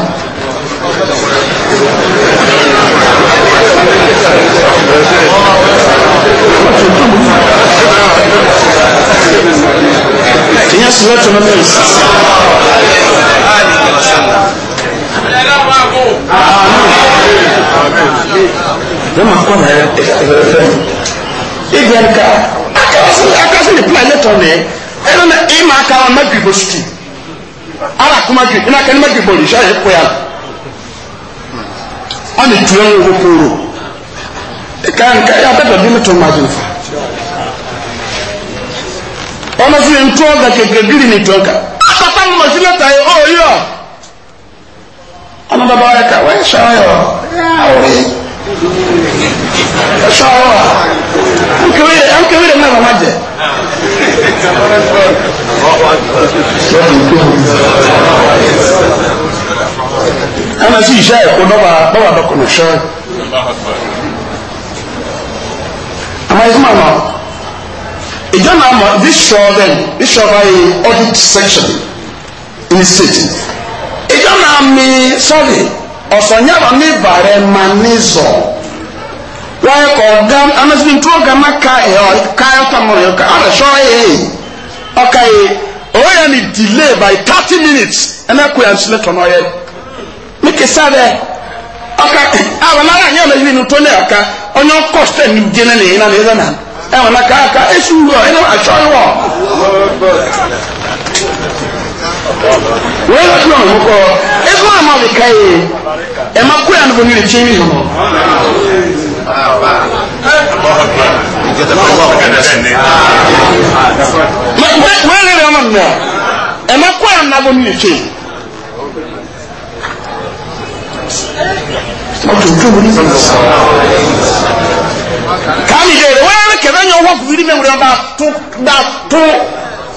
Zama kwana ya Ibiyar ka akasi ne planet on ne ɛnu na ima aka wa magribo city ara ko magribo ina ka ni magribo ni sɛ ɛkɔ ya ɔni tura yi wo kuro ka nka ya bɛ dɔbi mi to ma do fa ɔno fi ntɔ ga kekegiri ni tɔ ka apata mo ma fi lɛ ta ye ɔ yi ɔ. ọmọ bàbá rẹ kàwé ṣọyọ yàwòrè ṣọyọ nkiri nkiri rẹ náà mama jẹ. ana si iṣẹ ẹkọ dọba dọba dọkọnọ ṣan ama ẹsẹ maa nọ ìjọ náà mọ this shore then this shore by audit section in the state. mi sorry ɔsɔnyaba mi bare ma mi zɔ wɔyɛ kɔ gama ka delay by thirty minutes mi n'ala yɛ ɔlɛ yiri tó wọ́n yóò tún ọ̀nà ka ẹgbẹ́ ọ̀nà ọ̀dì ẹ̀ máa kúrẹ́ àná bọ̀nìrì tí mi hàn. wọ́n rẹ̀ ọmọ mi ẹ̀ máa kúrẹ́ àná bọ̀nìrì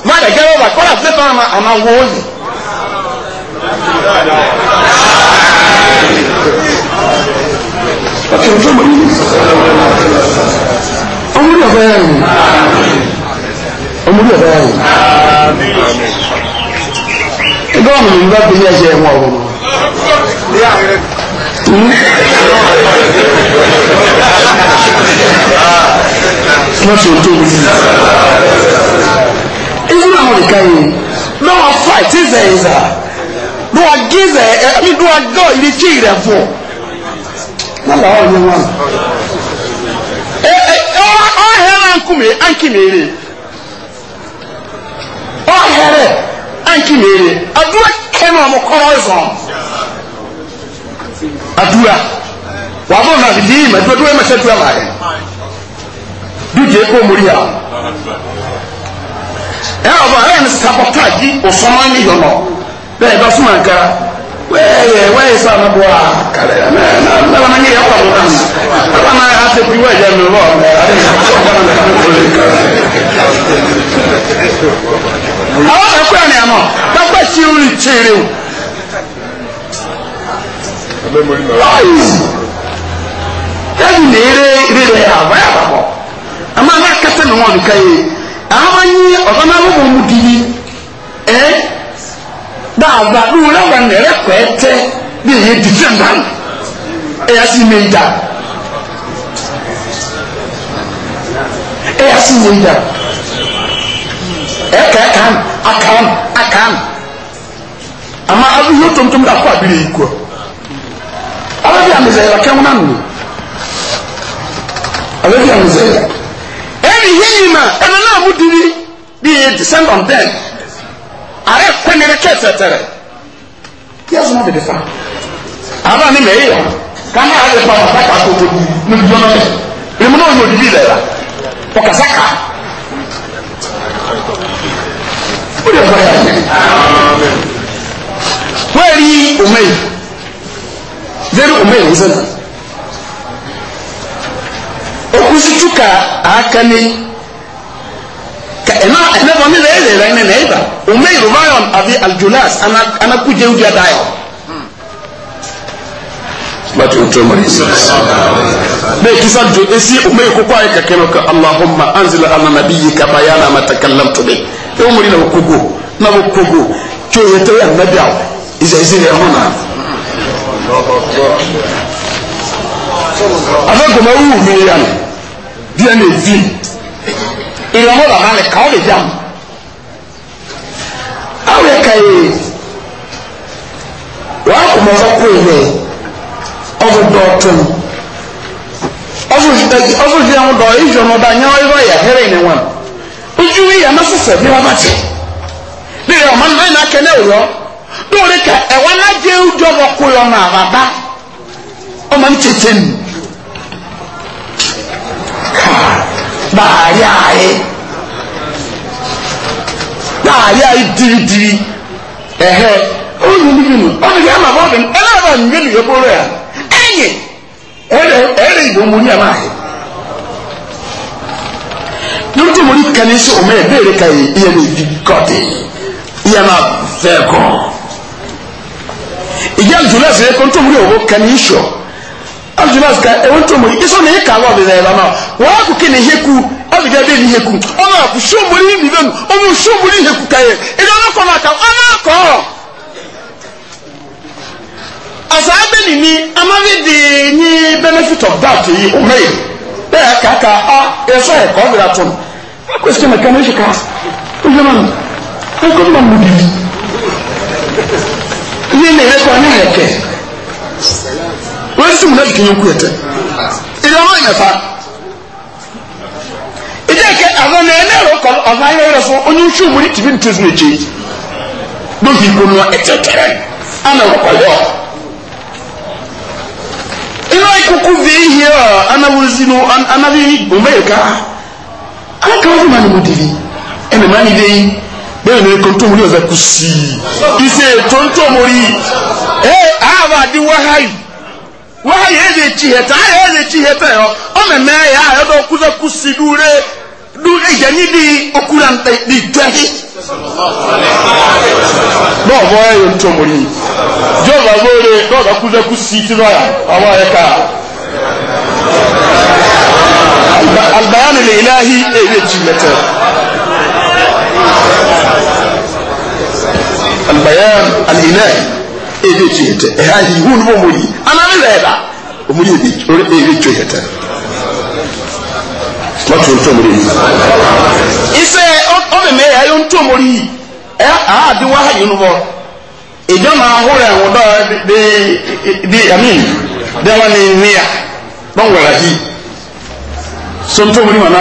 má lè gẹ́rọ wà kọ́lá sílẹ̀ fún àwọn àmà wo ó lè. ọmọdé ọ̀fẹ́ yà yìí ọmọdé ọ̀fẹ́ yà yìí ẹgbẹ́ ọmọ mi bá gbé ẹ̀jẹ̀ ẹ̀wọ̀n ọ̀rọ̀ mọ́. Hmm? wọ́n ti ń tóbi sínú àwọn nìkan yìí No wà fáìtì zẹ̀yìnzà ló wà No zẹ̀ ẹ̀mí ló wà dọ̀ ìdí tí ì rẹ̀ fún ọ lọ́la ọ̀ ní wọn. ẹ ẹ anki mèrè ọ hẹrẹ anki mèrè adúlá kẹ́nu ọmọ kọ́rọ́ ìzọ̀n adúlá wà á bọ̀ náà fi dín ìmọ̀ ẹ̀dúrà ẹ ọba ẹ ní sabotage ọsọmọ ni yọ nọ bẹẹ bá súnmọ nkara wẹẹyẹ wẹẹyẹ sọ àná bọ àá kàlẹ ẹ náà náà náà yẹ ọkọ ọmọ náà ọba náà yà á tẹ pírí wẹẹyẹ mi rọ ọmọ ẹ adé ní ọkọ ọmọ náà lórí kàlẹ. àwọn ẹkọ ẹni àná pápá tí ó rí tèrè o. ẹni nìyẹrẹ rírẹ àbáyà bàbọ àmọ àwọn akẹsẹ ni wọn nìkan yìí amanyi ọ̀sánmá lóko mu di yi ẹ dáadáa lóko lẹ́wọ̀n ní ẹ̀rẹ́ kọ́ ẹ tẹ́ bí èyí di fẹ́ mbà ẹ yà sí ilé ìdá ẹ yà sí ilé ìdá ẹ kà ẹ kàn akàn akàn àmà alóyún tómtóm dà kó abiri yìí kú ọ àmì zẹyà kẹwọn náà nù alóbi àmì zẹyà bihima ɛna naa mu diri bi descend on them are kɔ ne kɛ tɛtɛrɛ kí ɛsɛ mo de de fa ara ni mɛ eya kama ayɛ fa ma kaka koko di ne bi yɔn lɛ emu naa yɛ odidi lɛ la ɔkasa ka o de kɔ ya wɛri omeyi zeri omeyi wosɛn okusitu ka akani ka ɛna ɛna bɔ ne lɛ ɛlɛ lɛ ne lɛ ba umeir rayon abi aljulas ana ana kuje bati o tɔmɔ ni sɛ bɛɛ kisa jo esi umeir koko ayi ka kɛnɛ ka alahuma anzila ala nabi yi ka baya na mata kalam tobi e umuri na kogo na bo kogo tso yɛ tɛ yan nabi awo isa esi yɛ hɔn na afɛ gɔmɔ wu mi yan. díẹ̀ ní èzí ìrànwọ́ làwọn alẹ̀ kà ọ́ lè dà a àwọn ẹ̀ka yìí wọ́n á kò mọ ọkọ̀ ilẹ̀ ọ̀fọ̀ dọ̀tún ọ̀fọ̀ ìdí àwọn dọ̀ ìjọ náà dá nyẹ́ ọ̀yọ́ yẹ hẹ́rẹ́ ní wọn ojú yìí yẹn láàrin ààyè láàrin ààyè diridiri ẹ̀hẹ́ olùdíjìnù ọ̀nìyàn àmà bọ́ọ̀dù ẹlẹ́rọ ni nìyẹ kóró ẹ̀ ẹ̀yìn ẹ̀rẹ̀ ẹ̀rẹ̀ ìbò mo ní àmà ààyè yóò tí mo ní kẹ́ni sí òun ẹ̀ béèrè ka yìí ìyẹn ní ìdí kọ́ọ̀tì ìyẹn máa fẹ́ kọ́ ìyẹn jùlọ ẹ̀sìn ẹ̀kọ́ tó mú ní òwò kẹ́ni sọ̀rọ̀ ọ̀sùnmọ̀sì ká ẹ̀wọ̀n tó mọ̀rí ìsọ̀nà yìí kà wọ́n bẹ̀rẹ̀ lọ́nà wọ́n á kò kí ni heku ọ̀dùkẹ́ ẹ̀dẹ́ ni heku ọ̀nà àkù sọ́mọ̀rí nìyẹn ọmọ sọ́mọ̀rí heku káyẹ ẹ̀dẹ́ ọlọ́kọ̀ náà kà ọ̀nà kọ́ àṣà ni amábídì ní benefit of doubt yìí ọmọ yìí bẹ́ẹ̀ kàkà á ẹ̀sọ́ ẹ̀kọ́ bẹ̀rẹ̀ tó ní question my can you cast oye man o ko ma wọ́n sì múná jìkì yẹn kú ẹ̀tẹ́ ìdáná yẹn fa ìdí ẹ̀kẹ́ àwọn ọ̀nà ẹ̀ náà rọ̀kọ̀ ọ̀fà ayé rẹ̀ fún onye oṣù múni tìbí ní tìbí ní ẹ̀jẹ̀ yìí lóbi ìgbónú ẹ̀tẹ̀ tẹ̀rẹ̀ ana rọ̀kọ̀ yọ. ìlú ìkókó bíi ihe ọ̀ anáwózi nù anábí gbòmẹ́yìká alákà wọ́n fún mi ànàmọ́ dìbí ẹnì máa ń yí déyìí bẹ́ẹ̀ ni kòntòmù ní ọ̀sẹ̀ kù sí i ìṣe kòntòmù rí ẹ̀ àbàdí wáhàyì wọ́n yẹ ẹ̀yẹ tihẹ̀tẹ̀ ayẹ ẹ̀yẹ tihẹ̀tẹ̀ yọ ọmọ ẹ̀mẹ́ yẹ ayọ dọ̀ kúsẹ́kú si dúró dú ẹ̀yẹ ní di okura ní jẹ́hí. bọ́ọ̀ bọ́ ẹ̀yẹ ń tọ́mọ yìí jọba lóore lọ́ọ̀dọ̀ kúsẹ́kú si ebe etu yɛtɛ ɛha ihu no bɔ omori anane lɛ ɛda omori ebi etu yɛtɛ yi isɛ ɔmɛmɛ yɛ ayɔ omori yi ɛ aha ha yi no bɔ ìjọ máa húrẹ̀ ẹ̀wọ̀n dọ́ bí bí amin dẹ́wọ́n ni níyà bọ́n wẹ̀rẹ̀ yìí ma na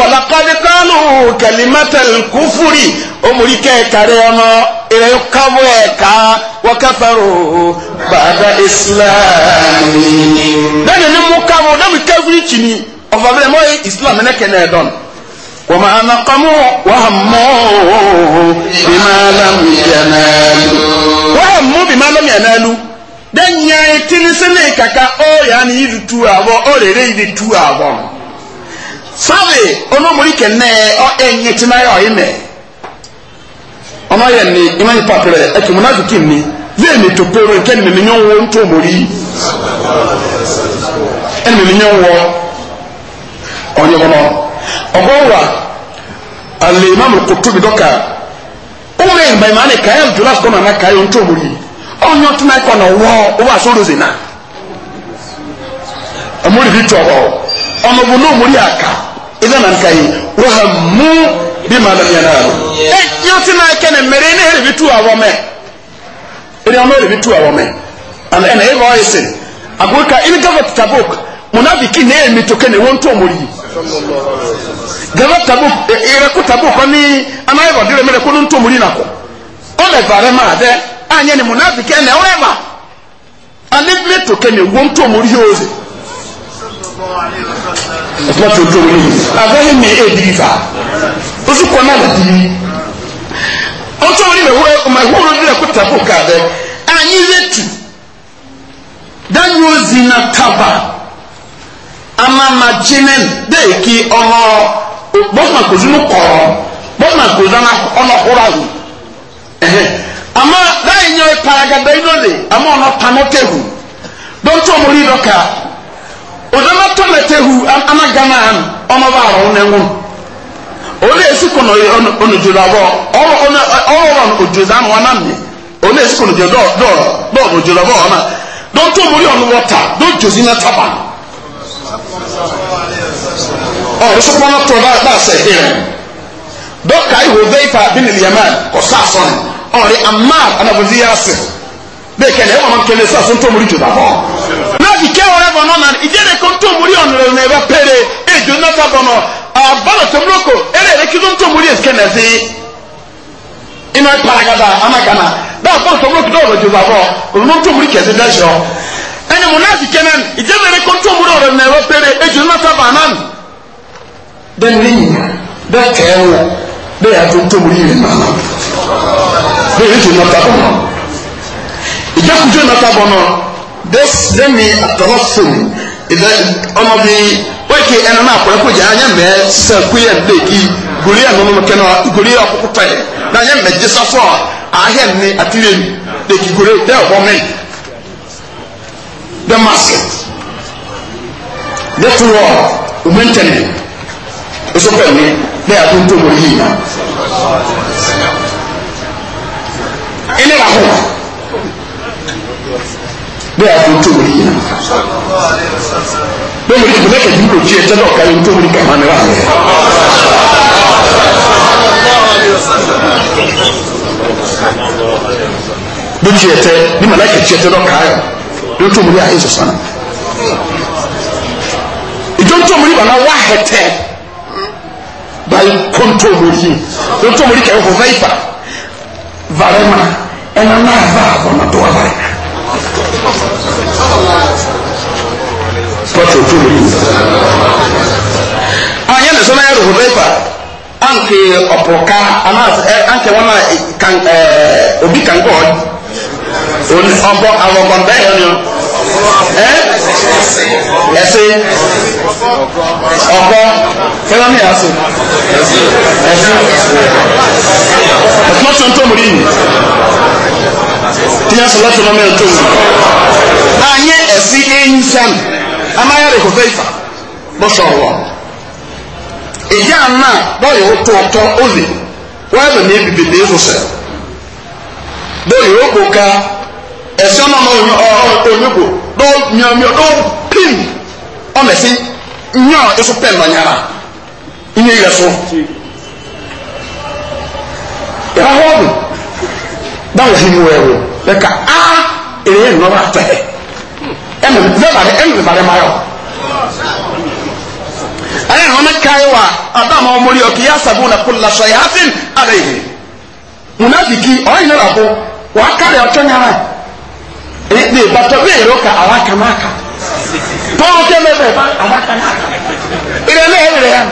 wàlàkàdé kánú kẹlímẹtẹl kúfúrì omurike kàrí ọmọ ìrẹ káwọ ẹka wọkẹfẹrù bàdà ìsìlámù. bẹ́ẹ̀ni ni mo káwọ dẹ́mi kẹfìrì kìíní ọ̀fọ̀ bẹ́ẹ̀ mọ́ ìsìlámù ẹ̀ kẹ́nẹ̀ ẹ̀dọ́n. وما نقموا وهموا بما لم ينالوا وهموا بما لم ينالوا dan ya yi tini sene kaka o ya ni yi tu abo o le re yi tu abo sáàbì onomorike nnẹ ọ ẹnyẹ tí náà yọ ọyìn mẹ ọmọ yẹn ni ìmọ̀nyí pàpẹrẹ ẹtù mọ̀ náà kìkì mi yéè mi tó péré ni mímí yẹn wọ ntọ́ mọ̀rí ẹni mímí yẹn ọgbọ wa bi ọmọ yẹn zina ọmọ bi ọmọ bu إذا من كاي وهموا بما لم ينالوا إيه يوتنا كان مرين هرب تو أوامه إذا ما هرب تو أوامه أنا أنا إيه رأيسن أقول كا إن جبت تبوك munafiki ne emi to kene won to mori gaba tabuk e, ere ko tabuk ni ana e bodire mere ko nto mori nako o le bare ma de anye ni munafiki ne o eba ani bi to kene won to mori oze ọtúmọ̀ tí o tó wọlé yìí abẹ́rẹ́ mi è dìrì fà oṣù kọ́ náà lè dìrì wọ́n tó wọlé mẹ̀wúrẹ́ mẹ̀wúrẹ́ nílẹ̀ kó tàkó kàdé anyi lẹ́tù daniel zina taba amama jinen dẹ́ẹ̀kì ọmọ bọ́sùnà kò sínú kọ̀ọ̀ bọ́sùnà kò sínú ọmọ ama e ama òdòdó tọ́lẹ̀tẹ̀hù anaganaan ọmọ bá àrọ̀ ọ̀nà ẹ̀wọ̀n dọọ èsì kùnà onùjòdò àbọ̀ ọ̀rọ̀ òjòdò àná wọn nàmì òun èsì kùnà na dọ̀ọ̀rọ̀ òjòdò àbọ̀ ọ̀nà dọ́tò mórí ọ̀nà wọ́tà abụọ. sike wɔrɛ bɔnɔ na ìdí ɛdè kò ntomori ɔnọrọ na ɛbɛ péré èdè nnata bɔnɔ abalọ tomloko ɛdè ɛdè kìdó ntomori esike na ɛsè ina paragada anagana bẹẹ abalọ tomloko dɔwɔrɔ jọba bɔ ɔnọ ntomori kẹsẹ dẹsẹ ɔ ɛnì mo náà sike na ìdí ɛdè kò ntomori ɔnọrọ na ɛbɛ péré èdè bɔnɔ dẹni bẹẹ kẹẹ wọ bẹẹ yà tó ntomori this then me atawassul ida ọmọ bi wọ́ọ̀kì ẹnu náà kọ́ ẹ̀kọ́ jẹ́ anyá mẹ́ sísá kúyẹ̀ ń dèkì gòlì ẹ̀ nínú kẹ́nà gòlì ẹ̀ ọ̀kọ́kọ́ pẹ̀ náà anyá mẹ́ jésà fọ́ ahẹ́ ní àtìlẹ́ mi dèkì gòlì ẹ̀ ọ̀kọ́ mi dẹ́másì dẹ́túrọ̀ ọ̀mẹ́ntẹ́nì ọ̀sọ́pẹ̀ mi bẹ́ẹ̀ àtúntò mọ̀ yìí náà ilé làkúrò bẹ́ẹ̀ àti tó wòlí yìí bẹ́ẹ̀ yìí kìí mẹ́kẹ̀ẹ́ yìí kò tí ẹ tẹ́lẹ̀ ọ̀ka yìí tó wòlí kàmá ní wàhálà yẹn. bí tí ẹ tẹ ní màláìkà tí ẹ tẹ́lẹ̀ ọ̀ka yẹn ló tó wòlí àyè sọ̀sánà. ìjọ tó wòlí bàná wà hẹ̀tẹ̀ báyìí kó tó wòlí ló tó wòlí kẹ̀wé fún fẹ́ẹ̀fà varema ẹ̀nà náà bá àbọ̀nà tó wà varema. anyị na mi yìí. Àwọn yẹn nìsọ́nà yẹn ọpụ ka obi kankọ̀ ọ̀bọ̀ àwọn ọ̀gbọ̀n ẹsẹ ọkọ kẹlá ní àásù ẹsẹ ọtúnṣe ń tóbi yìí tí yẹn sọ lọ́sọ̀ lọ́mọ ẹ̀ tóbi. àyẹ ẹsẹ ẹyin sẹ́nu amáyáre kò fẹ́ ìfà lọ́sọ̀ ọ̀wọ́ ìyá náà bọ́ọ̀yì ó tó ọtọ́ ó lè wọ́n ẹ̀ lọ́mọ ẹ̀ bìbìbì ẹ̀ sọ̀sẹ̀ bọ́ọ̀yì ó kò ká ẹ̀sẹ̀ ọ̀nà ọ̀nà òyìnbó do nyamio do pin ɔmɛ si nyɔ eso pɛn na nyara nye yɛ so yàrá hɔ do báwo si ni wɛwo bɛ ka aa èyí e nɔ bá tɛ ɛnu bɛbàrɛ ɛnu bɛbàrɛ ma yɔ ɛyɛ hɔn kae wa adamu ɔmɔri ɔkè yà sabu na kó lasɔ yà á fi àlẹ yìí munafiki ɔyìn nira ko wà á kárí ɔtɔ nyara ne batɔbe yɛrɛ ka ala kana a kan tɔɔrɔ tɛ mɛ bɛɛ ba ala kana a kan ìrɛ ne yɛrɛ yɛrɛ yan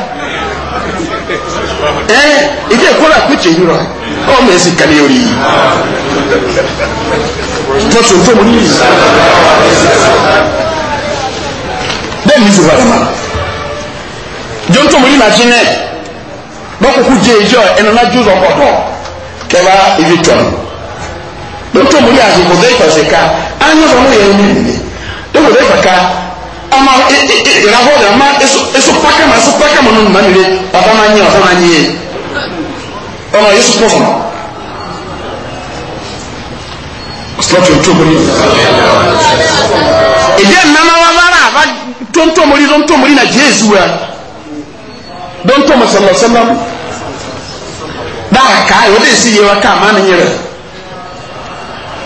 ɛɛ ìdí ìkóra kú tse yúrɔ ɔ mɛ esi kari yóò rí tɔso tóbi ní yìí bɛɛ ní zoro ɛmɛ jɔn tóbi ní ma ti nɛ bɔkùkù jẹ ìjọ ɛnana ju zɔkɔtɔ kɛwa ibi tɔn jɔn tóbi ní àsìkò bɛɛ tɔsí ká anyo sɔmu yɛ nyi ewu de kaka ama ìràwọ̀ rẹ̀ ama esu pákàmù esu pákàmù nínú na rẹ̀ ọ̀tá máa nyi ọ̀tá máa nyi yẹ ọ̀nà yẹsu pọ̀ fún ọ. sọ́tù ntòmùrí. ìjẹ́ nnama wa bára àbá tó ntòmùrí tó ntòmùrí na jésù wa dó ntòmù sọlọ sọlọ dáa ká ìwé dé sí yẹ wa ká àmà nìyẹrẹ.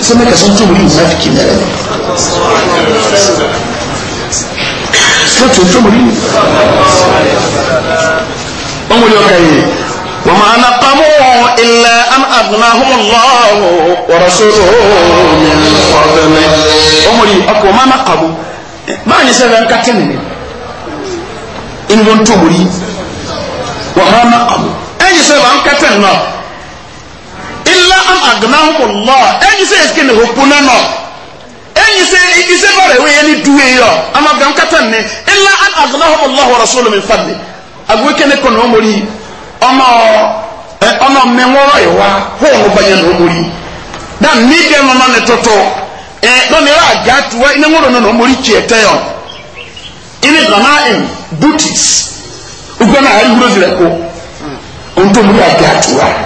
sai maka san tumuri munafiki ne rai sai tun tumuri ne wọn wuli ọkà yìí wọn máa na pamọ ilẹ an agunahumulọ warasoro min fọdọmẹ wọn wuli ọkà wọn máa na kàbọ máa ní sẹfẹ nkàtẹ nìyẹn ìlú tumuri wọn máa na kàbọ ẹyìn sẹfẹ nkàtẹ nìyẹn. illa an ẹ̀yin sẹ́ ẹ̀sìkè ní òpónà náà ẹ̀yin sẹ́ ẹ̀yin sẹ́ bọ̀rẹ̀ wẹ̀ ẹni amagam kata ní ilá agnáhùnmùlọ́ wọ̀rọ̀ sọ́lọ́ mi fàdé àgbo kẹ́ne kọ́ ní ọmọ rí ọmọ ẹ ọmọ mẹ́wọ́rọ̀ yìí wá hó ọmọ bá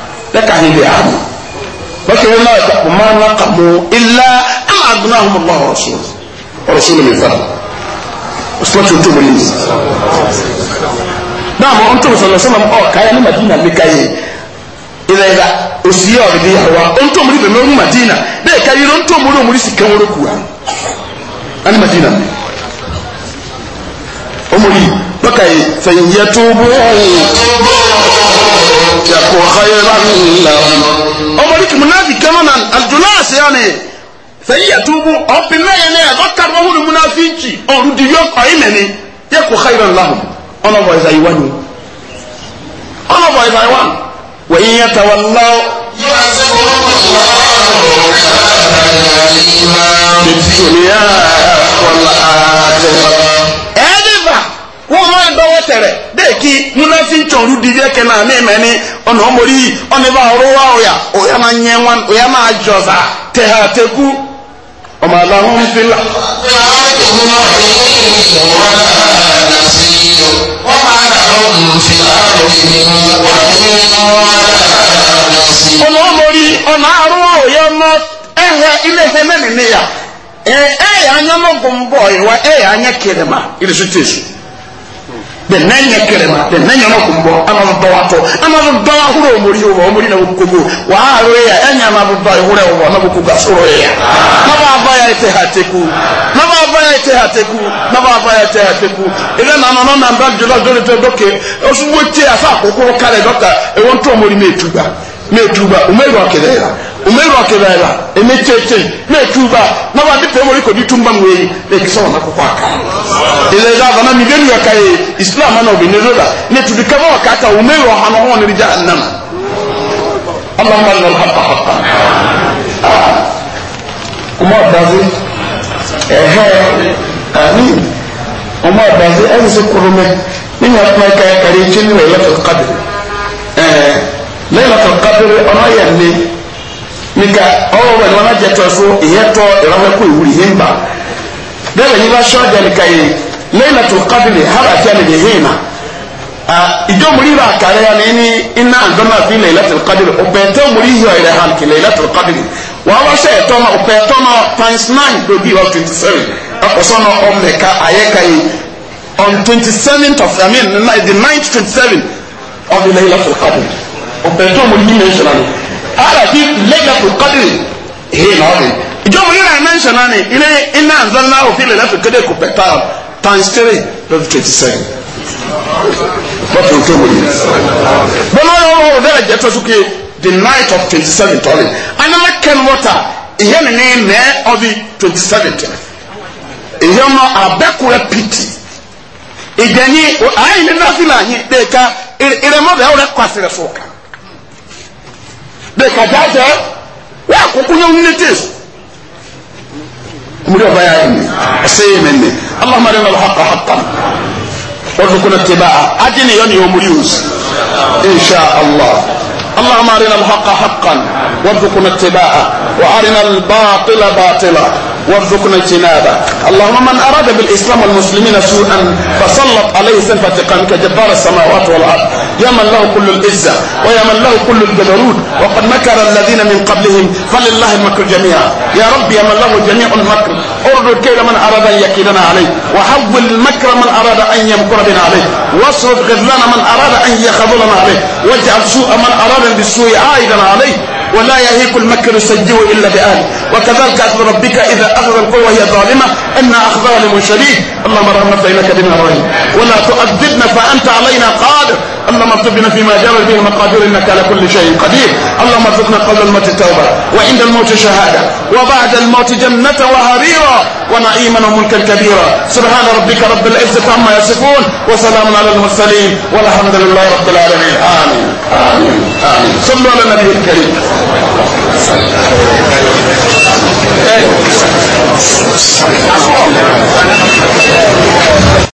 lẹ́ka níbi àmì lọ́sọ̀rọ̀ náà ìdàpọ̀ máa ń lákà mú ilá àmàgbọ́n àwọn ọmọ ọ̀rọ̀ sọ ọ̀rọ̀ sọ lómi fara ọ̀sọ́ tó tóbi ní. náà mo ń tóbi sọ̀rọ̀ sọ́nà ọ̀ káyà ní madina mi káyè ilẹ̀ ìlà òsì yẹ ọ̀rẹ́dẹ yà wá ó ń tóbi níbi mẹ́rin madina bẹ́ẹ̀ káyè ló ń tóbi ní òmùrí sì kẹ́wọ́n lóku wa ní madina mi. ọmọ yìí bọ́kà yìí fẹ̀yìn yẹ tó bọ́ọ̀ yaku khayran lahum omori kimunafi kamana aljulas yani sayatubu opime yene bakar bahu munafiki orudi yok ayinene yaku khayran lahum ona boy zaiwani ona boy zaiwan wa in yatawallaw yu'azibuhum Allahu kana alima fid dunya wal akhirah wọ́n dọ́wọ́ tẹ̀rẹ̀ bẹ́ẹ̀ kí múnafí tsọ̀rú di bẹ́ẹ̀ kẹ́ náà mímẹ́ ni ọ̀nà ọmọdé yìí ọ̀nà ìbá ọ̀rọ̀ wa ọ̀yà ọ̀yà máa nyẹ wọn ọ̀yà máa jọ̀zà tẹ̀ tẹ̀kú ọmọ aláwọ̀ ń fi la. ọ̀nà ọmọdé ọ̀nà ọ̀yà ẹ̀hẹ́ ilé ẹ̀hẹ́ mẹ́rin bɛnna nyɛ kɛlɛma bɛnna nyɛ ɔmɔkun bɔ ama bɛ bawa tɔ ama bɛ bawa huro omori wo wa omori na wo kogo wa aro ya ɛnya ama bɛ bawa huro wo ama bɛ koga soro ya na b'a ba ya ete ha teku na b'a ba ya ha teku na b'a ba ya ete ha teku ebe na anɔ n'ɔna ba jɔlɔ jɔlɔ tɛ dɔkɛ osu wo afa akokoro kare dɔkta ewo ntɔ omori m'etuba m'etuba omeyi wa kɛlɛ ya umeru akebera emetete netuba nabandi pemori kodi tumba mweyi nekisawa nakukwaka na vana migeni yakaye islam ana obineroda netudikaba wakata umeru hano hone ri jahannama اللهم ارنا الحق حقا kuma dazi ehe amin kuma dazi an su kurume min ya kuma kai kare cin ne ya fi qadr eh lailatul qadr ana yanne nika ɔwɔ wɛ nwana jɛ tɔ so ihe tɔ ɛwɔwɛ kɔ ewuri hin ba dɛbɛ yi la sɔ jɛ nika ye lɛyina tó kadiri hara jɛ ni hin na a ijo muri ba kare ya ni ina alibama fi lɛyina tó kadiri o bɛn tɛ muri yi yɛrɛ han ki lɛyina tó kadiri wa wa sɛ ɛtɔ o bɛn tɔ times nine do bi wa twenty seven akɔsɔ na ɔmɛ ka ayɛ ka ye on twenty seven of i mean the ninth twenty seven of the lɛyina tó kadiri o bɛn tɔ muri yi mɛ sɛ ara ti lẹ́gbẹ̀ẹ́ kọ́dìrì èyí náà ni. ìjọba yóò rà mẹ́ńsàn náà ni ilé iná àzán náà òfin lè lẹ́fẹ̀ẹ́ kéde kò pẹ̀tà times three lọ́dún twenty seven. bọ́tù tó wòye. bọ́lá yóò wọ ọ̀dẹ́rẹ̀ jẹ́ tọ́sùkè the night of twenty seven tọ́lẹ̀ anamọ kẹ́n wọ́tà ìyẹn ní mẹ́ ọ̀dí twenty seven tẹ̀. ìyẹn mọ abẹ́kùrẹ́ pìtì ìjẹ́ni àyìn nínú àfihàn yìí dẹ́ka ìrẹ́mọ́bẹ̀ẹ́ rẹ̀ kọ́ àfihàn fọ́ọ̀kan dekadada wakoko nyɛ unity muri ɔba yɛ ayɛmɛ ɛsɛyɛ mɛmɛ allahumma arina alhaqa haqqan warzuqna ittiba'a ajini yɔ ni yɔ muri yus insha allah allahumma arina alhaqa haqqan warzuqna ittiba'a wa arina albatila batila وارزقنا اجتنابه اللهم من أراد بالإسلام والمسلمين سوءا فسلط عليه سلف انتقامك جبار السماوات والأرض يا من له كل العزة ويا من له كل الجبروت وقد مكر الذين من قبلهم فلله المكر جميعا يا رب يا من له جميع المكر اردد كيد من أراد أن يكيدنا عليه وحول المكر من أراد أن يمكر بنا عليه واصرف غذلان من أراد أن يخذلنا عليه واجعل سوء من أراد بالسوء عائدا عليه ولا يهيك المكر السجيو إلا بآل وكذلك أخذ ربك إذا أخذ القوة هي ظالمة أن أخذها لمن شديد اللهم ارحمنا فإنك بنا رحيم ولا تؤذبنا فأنت علينا قادر اللهم ارزقنا فيما جرى به مقادير انك على كل شيء قدير اللهم ارزقنا قبل الموت التوبه وعند الموت شهاده وبعد الموت جنه وهريرا ونعيما وملكا كبيرا سبحان ربك رب العزه عما يصفون وسلام على المرسلين والحمد لله رب العالمين امين امين امين صلوا على النبي الكريم Thank you.